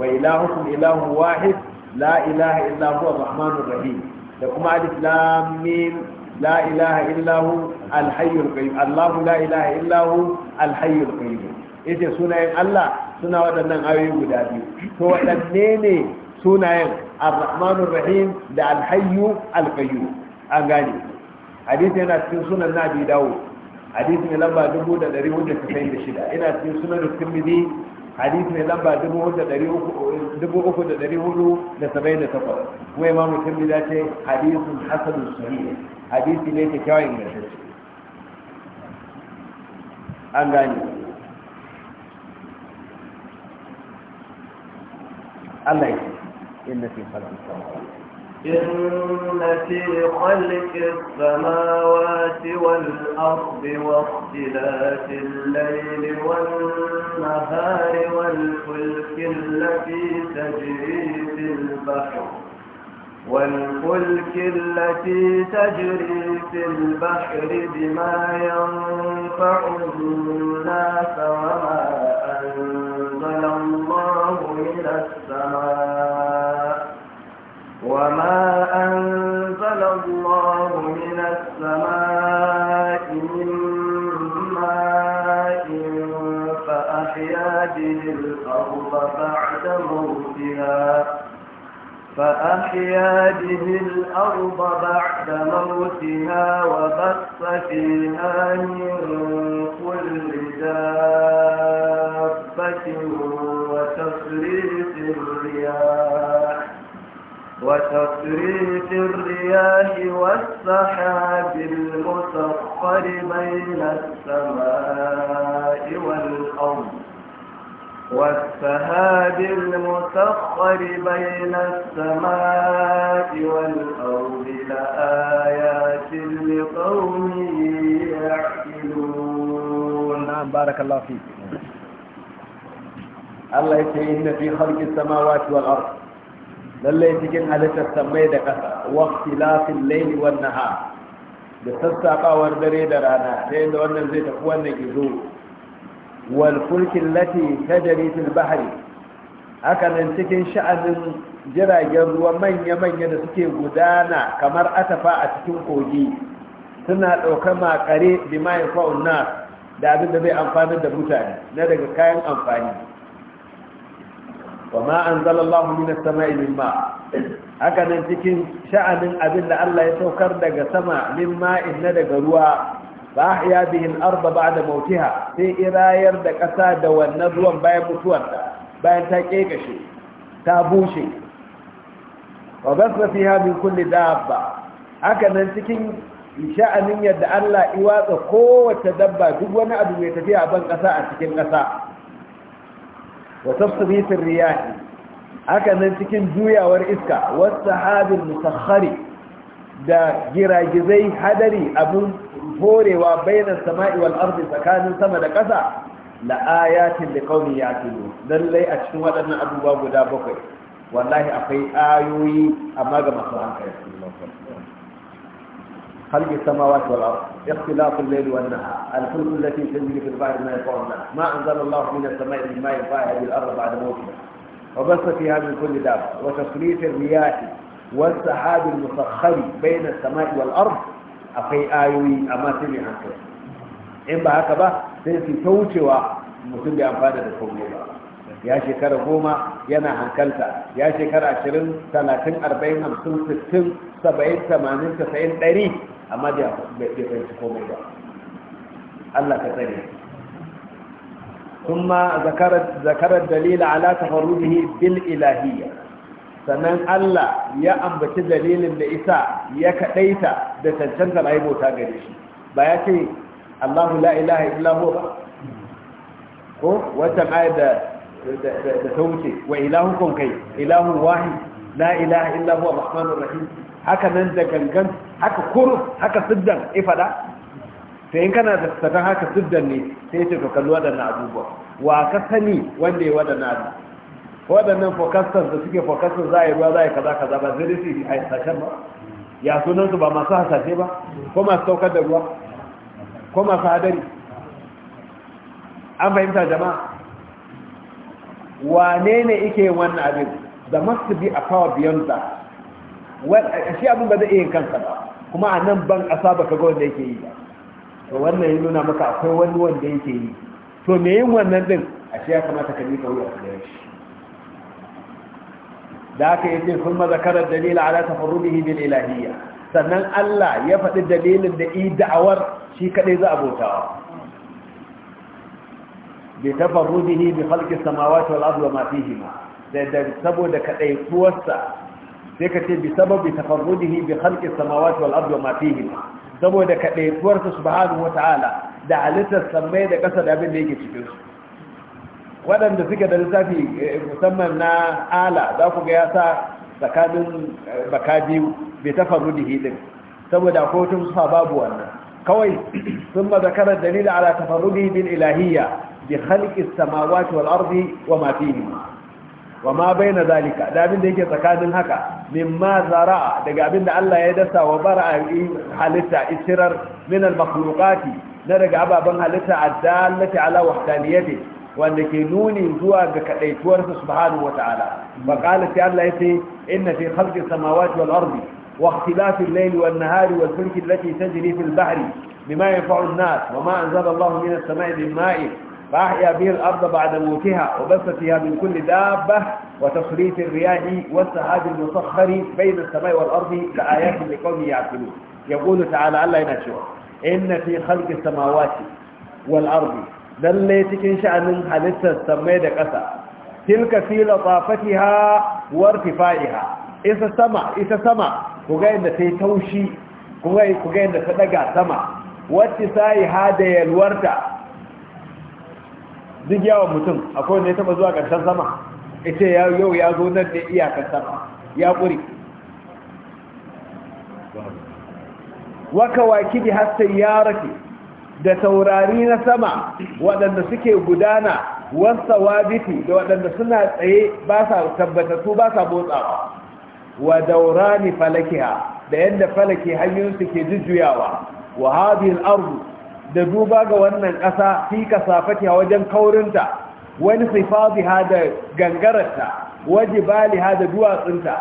wa ilahukum ilahu wahid la ilaha illa huwa rahmanur rahim da kuma alif lam mim la ilaha illa hu al-hayyul qayyum Allah la ilaha illa hu al-hayyul qayyum yace sunayen Allah suna waɗannan ayoyi guda biyu to waɗanne ne sunayen ar-rahmanur rahim da al-hayyu al-qayyum an gane hadisi yana cikin sunan nabi dawo hadisi mai lamba 1496 ina cikin sunan tirmidhi hadisi mai lamba 3478 kuma imamu tirmidhi ya ce hadisin hasanun sahih hadisi ne kyakkyawan ingantacce an gane الله ya إن في خلق إن في خلق السماوات والأرض واختلاف الليل والنهار والفلك التي تجري في البحر والفلك التي تجري في البحر بما ينفع الناس وما أنزل الله من السماء وما أنزل الله من السماء من ماء فأحيا به الأرض بعد موتها فأحيا به الأرض بعد موتها وبث فيها من كل دابة وتصريف الرياح وتصريف الرياح والسحاب المسخر بين السماء والأرض والسهاد المتخر بين السماء والأرض لآيات لقوم يعقلون نعم بارك الله فيك الله يتعين في خلق السماوات والأرض lallai cikin halittar sammai da ƙasa wakti lafin laili wannan ha da sassaƙawar dare da rana ta yadda wannan zai tafi wannan gizo lati Lati تجري في bahari hakanan cikin sha'anin jiragen ruwa manya-manya da suke gudana kamar atafa a cikin kogi suna ɗaukar makare da mayan fa'unna da abin da zai amfani da mutane na daga kayan amfani wa ma'an zalallahu minas sama ilin ma hakanan cikin sha'anin abin da allah ya saukar daga sama min ma'in na daga ruwa ba ya bihi arba ba da mautiha sai irayar da ƙasa da wannan ruwan bayan mutuwarta bayan ta kekashe ta bushe wa su fiha haɗin kulle dabba haka nan cikin sha'anin yadda Allah iwatsa kowace dabba duk wani abu mai tafiya ban ƙasa a cikin ƙasa su tafsiritir riyahi haka nan cikin juyawar iska was sahabil musakhkhari da giragizai hadari abin horewa bainar sama'i wal ardi tsakanin sama da ƙasa la ayatin da kauni ya tuno lallai a cikin waɗannan abubuwa guda bakwai wallahi akwai ayoyi amma ga masu hankali خلق السماوات والارض اختلاف الليل والنهار الفلك التي تجري في البحر ما يقولنا ما انزل الله من السماء من ماء فاعل الارض بعد موتها وبث فيها من كل دابه وتسليط الرياح والسحاب المسخر بين السماء والأرض أخي آيوي أما تبي حكرا إن بهكذا سيسي توجوا مسلم أنفانا للحمولة ya shekara goma yana hankalta ya shekara ashirin talatin arba'in hamsin sittin saba'in tamanin tasa'in ɗari amma bai fahimci komai ba Allah ka tsare ثم ذكر dalila ala tafarruhi bil بالإلهية sannan Allah ya ambaci dalilin da isa ya kaɗaita da cancantar aibota gare shi ba ya ce Allahu la ilaha illahu ba ko wancan ayar da ta wuce wa ilahukun kai ilahun wahi. la ilaha illahu ar-rahmanur rahim haka nan da gangan haka kuru haka siddan ifada sai in kana da haka siddan ne sai ce to kalli waɗannan abubuwa wa ka sani wanda ya waɗannan abubuwa waɗannan fokastar da suke fokastar za a yi ruwa za a yi kaza kaza ba zai rufe a sashen ba ya su ba masu hasashe ba ko masu saukar da ruwa ko masu hadari an fahimta jama'a wane ne ike yin wannan abin da masu be a power beyond that a shi abin ba zai iya yin kansa ba kuma a nan ban ƙasa ba kaga wanda yake yi ba to wannan ya nuna maka akwai wani wanda yake yi to me yin wannan din a shi ya kamata ka nika wuya da shi da aka yi ce sun mazakarar dalila ala tafarrudihi bil ilahiyya sannan Allah ya faɗi dalilin da yi da'awar shi kaɗai za a bautawa bi tafarrudihi bi khalqi samawati wal ardi wa ma fihima da saboda kaɗai tuwarsa sai ka ce bi bi wa saboda kaɗai tuwarsa da halittar sammai da ƙasa da abin da yake cikinsu waɗanda suke da lissafi eh, musamman na ala za ku ga ya sa tsakanin eh, baka biyu bai ta faru da hidin saboda ko tun babu wannan kawai sun ma zakarar dalilin ala tafarrudi bil ilahiyya bi khalqis samawati wal arzi wa ma wa ma bai na zalika da abin da yake tsakanin haka ma zara'a daga abin da Allah ya dasa wa bara halitta isirar min al makhluqati na daga ababen halitta addallati ala wahdaniyati wanda ke nuni zuwa ga kadaituwarsa subhanahu wata'ala ba qala ta Allah yace inna fi khalqi samawati wal ardi wa ikhtilafi al-layli wan nahari wal fulki allati tajri fil bahri bima yanfa'u an-nas wa ma anzala Allahu min as-sama'i min ma'in فأحيا به الأرض بعد موتها وبث فيها من كل دابة وتصريف الرياح والسحاب المسخر بين السماء والأرض ya'qilun yaqulu ta'ala Allah yana cewa inna fi khalqi samawati wal ardi lalle cikin sha'anin halittar samai da ƙasa tilka fi latafatiha wa irtifaiha isa sama isa sama ku ga yadda ta yi taushi ku ga ku ga yadda ta daga sama wacce sai ha da yalwarta duk yawa mutum akwai wanda ya taɓa zuwa ƙarshen sama ita yau ya zo nan da iyakar sama ya ƙuri waka waki da hasta ya rafi da taurari na sama waɗanda suke gudana wasa wabiti da waɗanda suna tsaye ba sa tabbatattu ba sa motsawa wa daurani falakiha da yadda falake hanyoyinsu ke jujjuyawa wa hadhihi al da duba ga wannan ƙasa fi kasafatiha wajen kaurinta wani sifatiha da gangararta ha da duwatsunta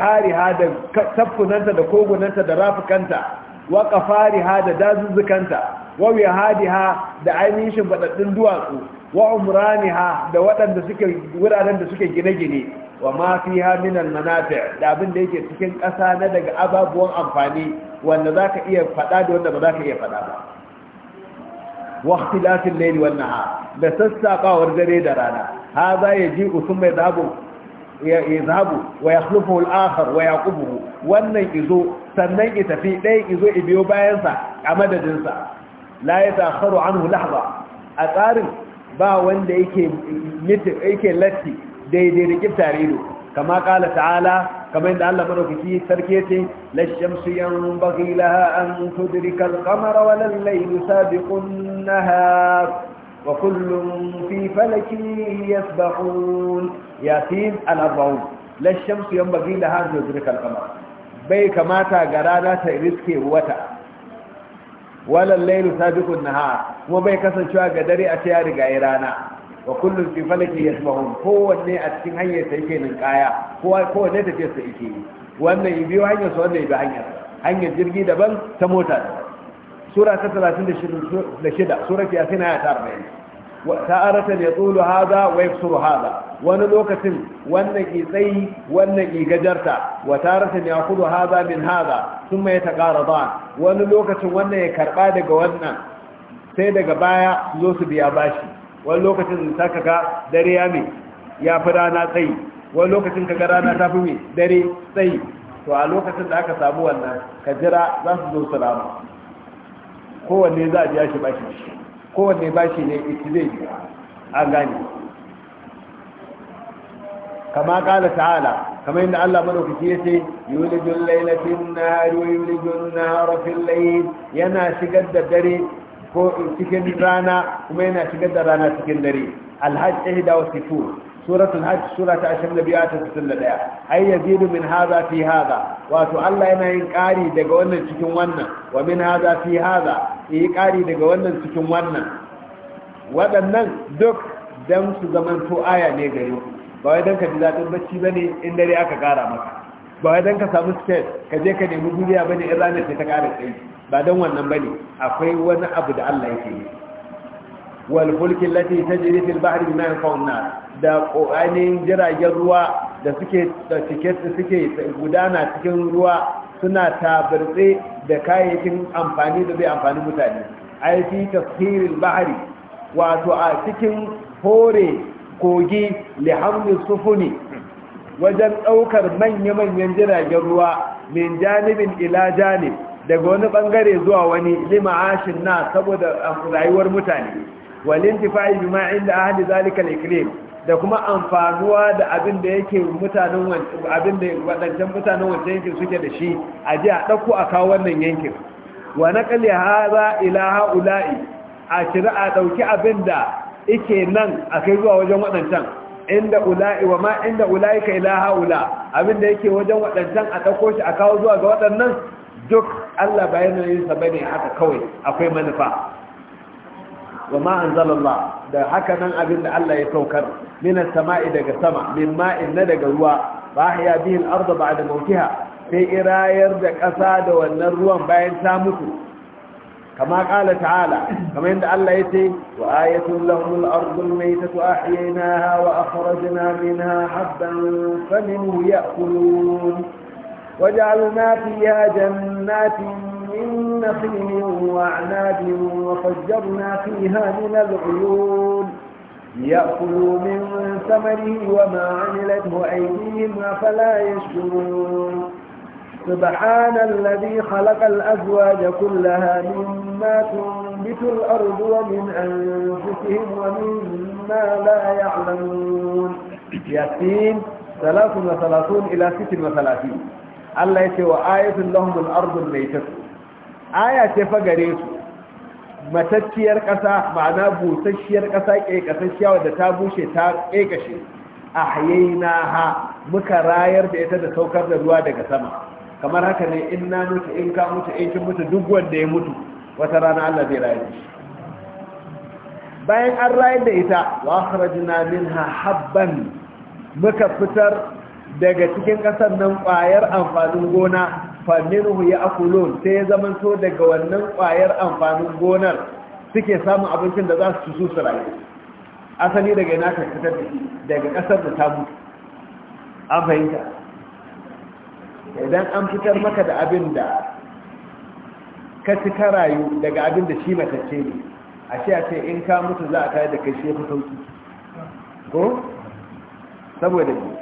ha da tafkunanta da kogunanta da rafukanta wa fariha da dazuzzukanta wa hadiha da ainihin shimfadaddun duwatsu wa umraniha da waɗanda suke wuraren da suke gine-gine wa ma fiha min al-manafi' da abin da yake cikin ƙasa na daga ababuwan amfani wanda ka iya faɗa da wanda ba zaka iya faɗa ba wa ikhtilafil layli wan nahar da sassaqawar dare da rana ha hadha yaji'u thumma zabu ya zahabu wa yakhlufu al waya wa ya wannan izo sannan ki tafi ɗayan izo ya biyo bayansa a madadinsa la ya takharu anhu lahza a tsarin ba wanda yake latti daidai da kiftare ido kama kala ta'ala kama inda Allah madaukaki sarki yace la shamsu yanbaghi laha an tudrika al-qamara wa al-laylu sabiqun nahar وكل في فلك يسبحون ياسين الأربعون لا الشمس ينبغي لها أن تدرك القمر bai kamata ga rana ta riske wata walan lailu sabiqun nahar kuma bai kasancewa ga dare a ce ya riga ya rana wa kullum fi falaki yasbahun kowanne a cikin hanyar ta yake nan kaya kowanne tafiyar sa yake wannan yi biyo hanyar su wannan yi biyo hanyar hanyar jirgi daban ta mota daban sura ta 36 sura ta yasin aya ta arata ta'aratan yatulu haza, wa yafsuru haza. wani lokacin wannan ke tsayi wannan ke gajarta wa taratin ya kudu haza min haza sun mai ta ƙara ba wani lokacin wannan ya karɓa daga wannan sai daga baya zo su biya bashi wani lokacin ta kaga dare ya mai ya fi rana tsayi wani lokacin kaga rana ta fi mai dare tsayi to a lokacin da aka samu wannan ka jira za su zo su rama kowanne za a biya shi bashi kowanne bashi ne ita zai biya an gane kama kala ta'ala kamar yadda Allah madaukaki ya ce yulijul laila fin nahar wa yulijul nahara fil layl yana shigar da dare ko cikin rana kuma yana shigar da rana cikin dare alhajj 61 سورة الحج سورة عشر نبيات تسل لها أي يزيد من هذا في هذا واتو الله إنا إنكاري دقونا تكون ومن هذا في هذا إنكاري دقونا تكون ودنن دك دمس زمن تو نيجريو ba wai don ka ji daɗin bacci ba ne in dare aka ƙara maka ba wai don ka samu space ka je ka nemi duniya ba ne in ranar ta ƙara tsayi ba don wannan ba ne akwai wani abu da Allah yake yi wal fulkin lati tajri fil bahri bima yanfa'un da quranin jiragen ruwa da suke da suke gudana cikin ruwa suna tabirtse da kayayyakin amfani da bai amfani mutane ai fi tafsiril bahri wato a cikin hore kogi lihamni sufuni wajen ɗaukar manya-manyan jiragen ruwa min janibin ila janib daga wani ɓangare zuwa wani lima'ashin na saboda ah, rayuwar mutane walin tifa'i ma inda ahli zalika al da kuma amfanuwa da abin da yake mutanen wancan mutanen wancan yankin suke da shi a ji a dauko a kawo wannan yankin wa naqli haza, ila haula'i a kira a ɗauki abin da ike nan akai kai zuwa wajen waɗancan inda ula'i wa ma inda ula'i ka ila haula abinda yake wajen waɗancan a ɗauko shi a kawo zuwa ga waɗannan duk Allah ba yin ba haka kawai akwai manufa wa ma anzalallah da haka nan abinda Allah ya saukar minas sama'i daga sama min ma'in na daga ruwa ba ya bihin arda ba da mautiha sai irayar da ƙasa da wannan ruwan bayan ta mutu كما قال تعالى كما عند الله يتي وآية لهم الأرض الميتة أحييناها وأخرجنا منها حبا فمنه يأكلون وجعلنا فيها جنات من نخيل وأعناب وفجرنا فيها من العيون ليأكلوا من ثمره وما عملته أيديهم أفلا يشكرون سبحان الذي خلق الأزواج كلها مما تنبت الأرض ومن أنفسهم ومما لا يعلمون ياسين ثلاث وثلاثون إلى ست وثلاثين الله يتوى آية لهم الأرض الميتة آية تفقريت matacciyar ƙasa ma'ana busasshiyar ƙasa ke ƙasashiya wadda ta bushe ta ƙeƙashe a hayayi na ha muka rayar da ita kamar haka ne in na mutu in ka mutu in kin mutu duk wanda ya mutu wata rana Allah zai rayu bayan an rayu da ita wa akhrajna minha habban muka fitar daga cikin kasar nan kwayar amfanin gona fa ya akulun sai ya zama to daga wannan ƙwayar amfanin gonar suke samun abincin da za su su su rayu asali daga ina ka fitar daga kasar da ta mutu an fahimta idan an fitar maka da abin da ka ci karayu daga abin da shi matacce ne a shi a ce in ka mutu za a tare da kai shi sauki ko saboda ne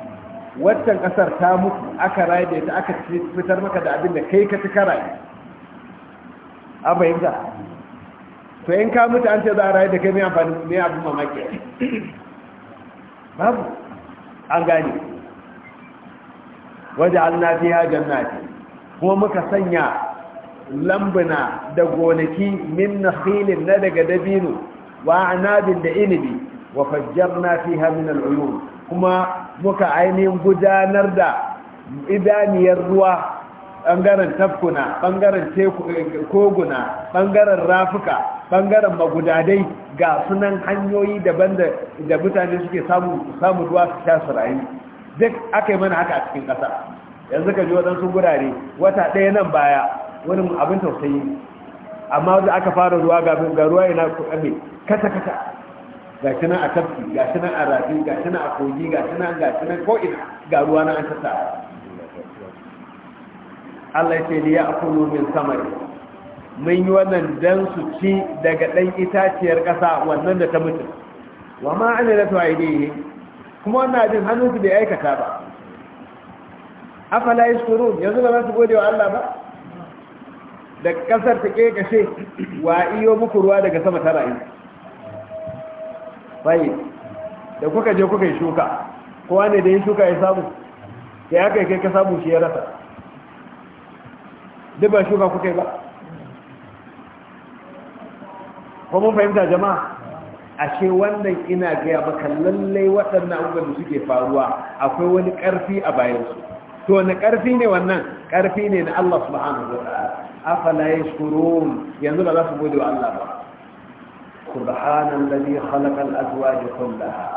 waccan kasar ta mutu aka rayu da ita aka fitar maka da abin da kai ka ci karayu rayu a fahimta to in ka mutu an ce za a rayu da kai mai mai abin mamaki babu an gane waj'alna fiha jannati kuma muka sanya lambuna da gonaki min nakhilin na daga dabino wa anabin da inibi wa fajjarna fiha min al'uyun kuma muka ainihin gudanar da idaniyar ruwa ɓangaren tafkuna ɓangaren koguna ɓangaren rafuka bangaren magudadai ga sunan hanyoyi daban da mutane suke samu ruwa su sha rayu duk aka yi mana haka a cikin ƙasa yanzu ka ji waɗansu gurare wata ɗaya nan baya wani abin tausayi amma da aka fara ruwa ga ruwa yana kuɗaɗe kasa-kasa ga shi nan a tafki ga shi nan a rafi ga shi nan a kogi ga shi nan ga shi nan ko'ina ga ruwa na an kasa. Allah ce liya ya kunu min samari mun yi wannan dan su ci daga ɗan itaciyar ƙasa wannan da ta mutu wa ma an yi na tuwa kuma wannan abin hannunsu bai aikata ba afala yashkurun yanzu ba za su gode wa Allah ba da kasar ta kashe wa iyo muku ruwa daga sama tara in bai da kuka je kuka yi shuka kowa ne da yin shuka ya samu da ya kai kai ka samu shi ya rasa duk ba shuka kuka yi ba Kuma mun fahimta jama'a ashe wannan ina gaya maka lallai waɗannan abubuwan da suke faruwa akwai wani ƙarfi a bayansu to wani ƙarfi ne wannan ƙarfi ne na Allah subhanahu wa ta'ala afala yashkurun yanzu ba za su gode wa Allah ba subhanan ladhi khalaqa al-azwaj kullaha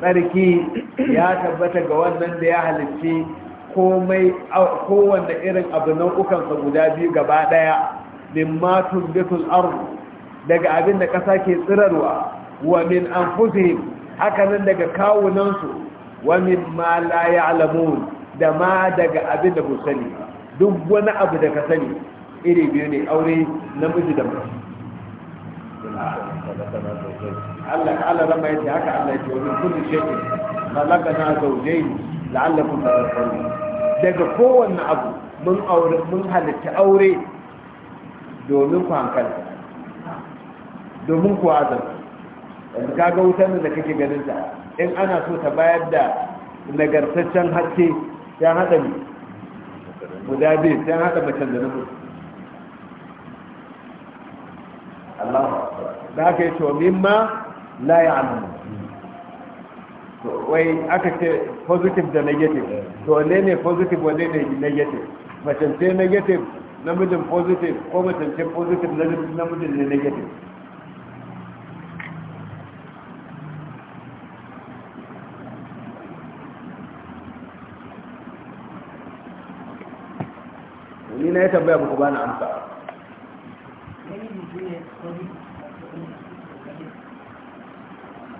sarki ya tabbata ga wannan da ya halicci komai kowanne irin abu nau'ukan sa guda biyu gaba daya mimma tunbitul ardh daga abin da ƙasa ke tsirarwa wa min an anfusihim hakanan daga kawunansu wa min ma la ya ya'lamun da ma daga abin da ku sani duk wani abu da ka sani iri biyu ne aure namiji da mace Allah Allah rama yace haka Allah ya yace wa min kulli shay'in khalaqna zawjayn la'allakum tadhakkarun daga kowanne abu mun aure mun halitta aure domin ku hankalta domin kuwa azar yanzu kaga wutar da kake ganin ta in ana so ta bayar da nagartaccen haske ya hada ne guda biyu ta hada macen da namiji Allah da aka yi cewa mimma la ya amma. wai aka ce positive da negative to wanne ne positive wanne ne negative macen ce negative namijin positive ko macen ce positive namijin ne negative na ya tambaya ba ku bani amsa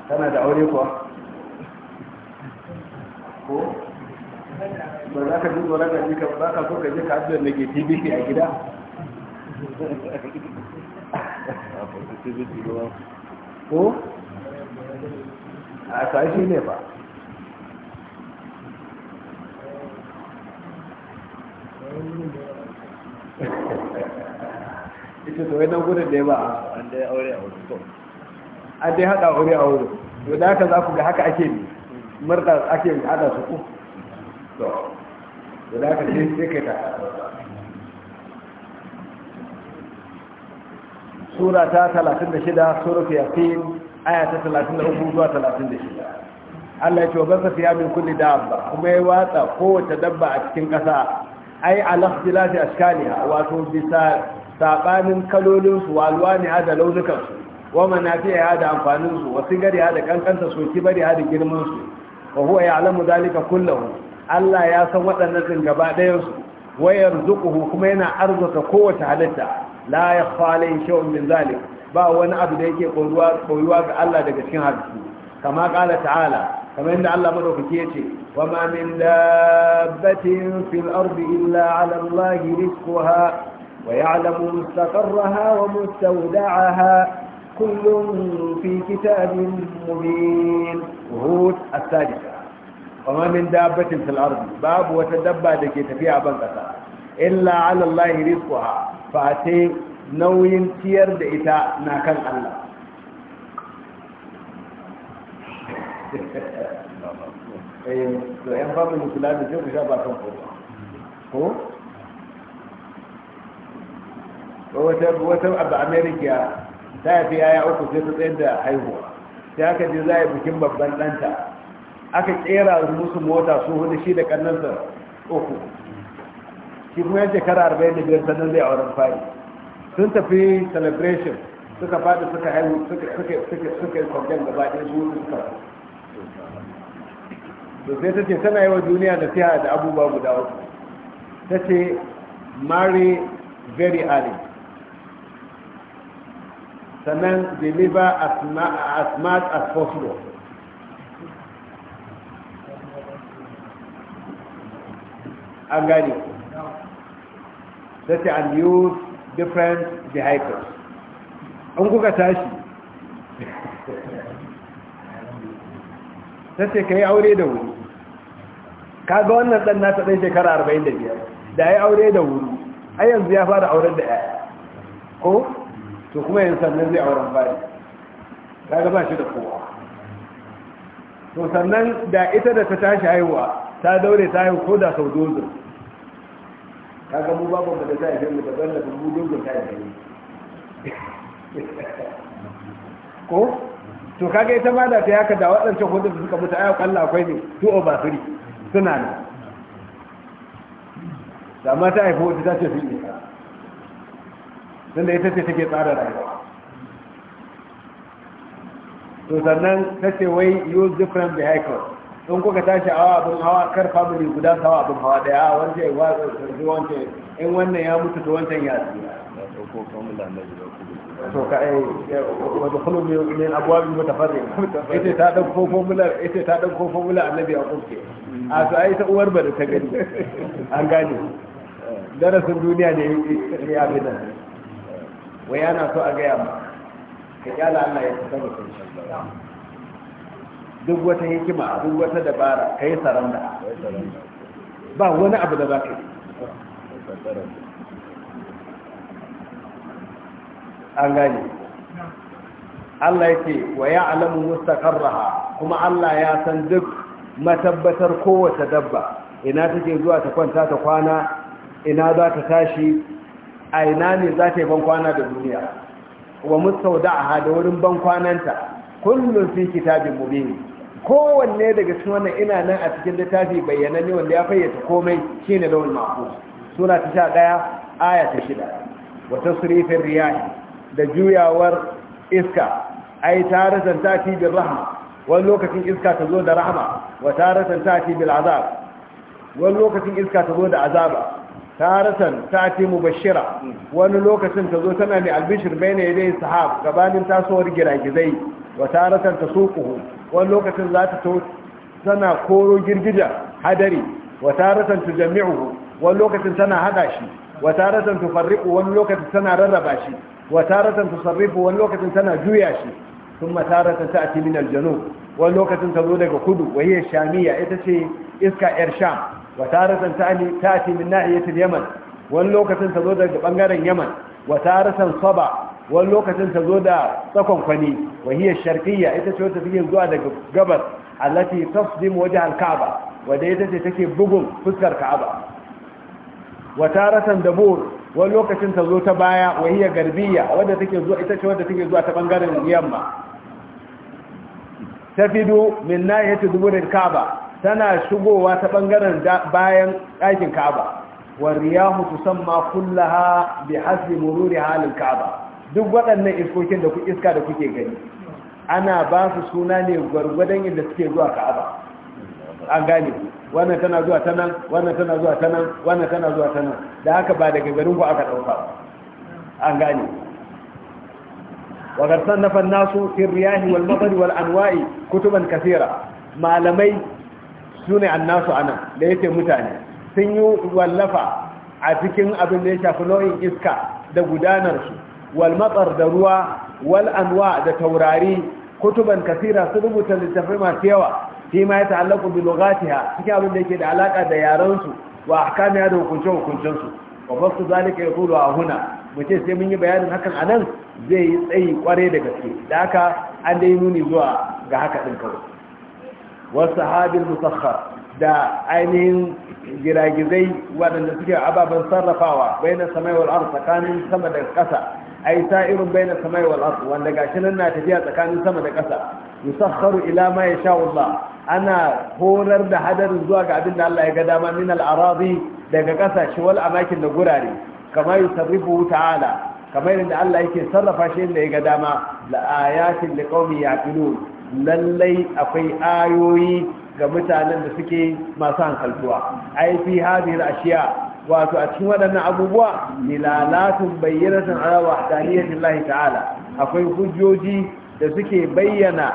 tana da aure kuwa ko ba za ka ji tsoron ka ba ka so ka je ka ajiyar da ke tbc a gida ko a sashi ne ba Thank you. ita to wai nan gudun da ya ba a an dai aure a wuri to an dai haɗa aure a wuri to da haka za ku ga haka ake ne murda ake haɗa su ku to to da haka sai sai kai ta sura ta sura ta yasin aya ta talatin da uku, zuwa talatin da shida. Allah ya ce wa basa fiya min kulli dabba kuma ya watsa kowace dabba a cikin ƙasa ai ala ikhtilafi ashkaliha wato bisa sabanin kalolin su walwani hada launukan su wa manafi'a da amfanin su wa sigari hada kankanta su kibari hada girman su wa huwa ya'lamu dalika kullahu Allah ya san waɗannan din gaba ɗayan su wa yarzuquhu kuma yana arzuka kowace halitta la yakhfa alayhi shay'un min zalik ba wani abu da yake koyuwa ga Allah daga cikin hadisi kama kala ta'ala kamar yadda Allah madaukake yace wa ma min dabbatin fil ardi illa ala Allah rizquha wa ya'lamu mustaqarraha wa mustawda'aha kullun fi kitabin mubin hud as-sadiqa wa ma min dabbatin fil ardi babu wata dabba da ke tafiya a ban kasa illa ala Allah rizquha fa nauyin tiyar da ita na kan Allah Eh, to yan sai ku sha ba kan ko ko wata wata abu america ta yafi yaya uku sai ta tsayar da haihuwa sai aka je za a yi bikin babban ɗanta aka kera musu mota su hudu shi da kannansa uku shi kuma yan shekara arba'in da biyar sannan zai auren fari sun tafi celebration suka faɗi suka haihu suka suka suka suka gaba ɗaya su suka to sai ta ce tana yi wa duniya da siya da abubuwa guda wasu ta ce mari very early sannan deliver as, as much as possible an gani. ta ce and use different vehicles an kuka tashi ta ce ka yi aure da wuri kaga wannan ɗan nata ɗan shekara arba'in da biyar da ya aure da wuri a yanzu ya fara auren da yaya ko to kuma yin sannan zai auren fari ga ba shi da kowa to sannan da ita da ta tashi haihuwa ta daure ta haihu ko da sau dozin ga mu babu da ta yi mu da zalla mu dozin ta haife ko to kaga ita ma da ta yaka da waɗancan hudu da suka mutu ayyukan Allah akwai ne two over three suna ne da amma ta haifi wata ta ce su yi tunda ita ce take tsara rayuwa to sannan ta ce wai use different vehicles in kuka tashi awa abin hawa kar family guda sawa abin hawa daya wance wance in wannan ya mutu to wancan ya tsira to ka ai wata kullu min abwabi mutafarri ita ta dauko formula ita ta dauko formula annabi a kurke a to ai ta uwar bada ta gani an gane darasin duniya ne ya abin nan wai ana so a gaya ma ka kyala Allah ya tsaka da kai duk wata hikima duk wata dabara yi saranda ba wani abu da za ka yi an gane Allah yake wa ya'lamu mustaqarraha kuma Allah ya san duk matabbatar kowace dabba ina take zuwa ta kwanta ta kwana ina za ta tashi a ina ne za ta yi ban kwana da duniya wa mustawda'aha da wurin ban kwananta kullun fi kitabin mubin kowanne daga cikin wannan ina nan a cikin littafi bayyananne wanda ya fayyace komai shine lawul mahfuz sura ta 11 aya ta 6 wa tasrifir riyahi da juyawar iska ai taratan tati bil rahma wani lokacin iska ta zo da rahma wa taratan tati bil azab wani lokacin iska ta zo da azaba taratan mu mubashira wani lokacin ta zo tana mai albishir bai bayna yin sahab gabanin tasowar giragizai wa taratan tasuquhu wani lokacin za ta tana koro girgija hadari wa taratan tujammi'uhu wani lokacin tana hada shi wa taratan tufarriqu wani lokacin tana rarraba shi wa taratan tusarrifu wani lokacin tana juya shi thumma taratan ta'ti min al-janub wani lokacin ta zo daga kudu wa hiya shamiya ita ce iska yar sham wa taratan ta'ti min nahiyati al-yaman wani lokacin ta zo daga bangaren yaman wa taratan saba wani lokacin ta zo da tsakon kwani wa hiya ita ce wata daga gabas allati tasdimu wajh al-ka'ba wadda ita ce take bugun fuskar ka'aba rasa da bur. wani lokacin ta zo ta baya wa iya garbiya wadda take zuwa ita ce wadda take zuwa ta bangaren yamma ta fido min na nahiyati duburin kaaba tana shigowa ta bangaren bayan ɗakin kaaba wa san ma kullaha bi hasbi mururi halin kaaba duk waɗannan iskokin da ku iska da kuke gani ana ba su suna ne gwargwadon inda suke zuwa kaaba an gane wannan tana zuwa ta nan wannan tana zuwa ta nan wannan tana zuwa ta nan da haka ba daga garin ku aka ɗauka an gane na sannafa nasu fi riyahi wal matsari wal anwa'i kutuban kasira malamai su ne annasu ana da yake mutane sun yi wallafa a cikin abin da ya shafi nau'in iska da gudanarsu wal matsar da ruwa wal anwa da taurari kutuban kasira su rubuta littafai masu yawa fi ma ya ta'allaku bi lughatiha cikin abin da yake da alaka da yaran su wa ahkami da hukunce hukuncin su wa fasu zalika yaqulu a huna mutum sai mun yi bayanin hakan anan zai yi tsayi kware da gaske da haka an dai nuni zuwa ga haka din kawai wa sahabil musakhkhar da ainihin giragizai waɗanda suke ababen sarrafawa bai na samai wal'ar tsakanin sama da ƙasa a sa'irun baina samai wal samai wanda gashi nan na tafiya tsakanin sama da ƙasa yusakharu ila ma yasha Allah ana horar da hadarin zuwa ga abin da Allah ya ga dama min al-aradi daga kasashe wal amakin da gurare kama yusarrifu ta'ala kamar da Allah yake sarrafa shi inda ya ga dama la ayatin liqaumi yaqilun lallai akwai ayoyi ga mutanen da suke masu hankaltuwa ai fi hadhihi al-ashiya wato a cikin waɗannan abubuwa milalatun bayyanatan ala wahdaniyatin ta'ala akwai hujjoji da suke bayyana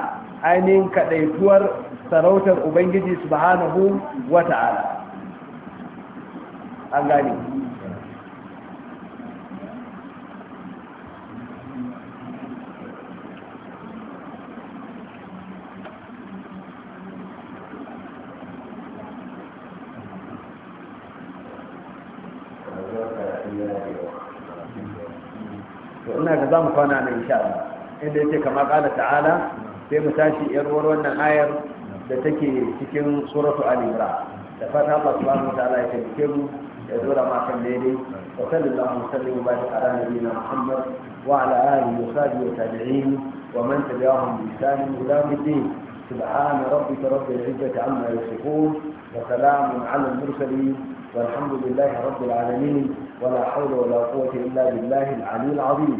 ainihin kadaituwar sarautar ubangiji subhanahu ta'ala an gani ina ga za kwana na inda yake kama kala ta'ala sai mu tashi yar uwar wannan ayar da take cikin suratu ali imran da fata Allah subhanahu wa ta'ala ya taimake mu ya dora ma kan daidai wa sallallahu alaihi wa baraka ala nabiyina muhammad wa ala alihi wa sahbihi wa tabi'in wa man tabi'ahum bi ihsan ila yawm سبحان ربك رب العزة عما يصفون وسلام على المرسلين والحمد لله رب العالمين ولا حول ولا قوة إلا بالله العلي العظيم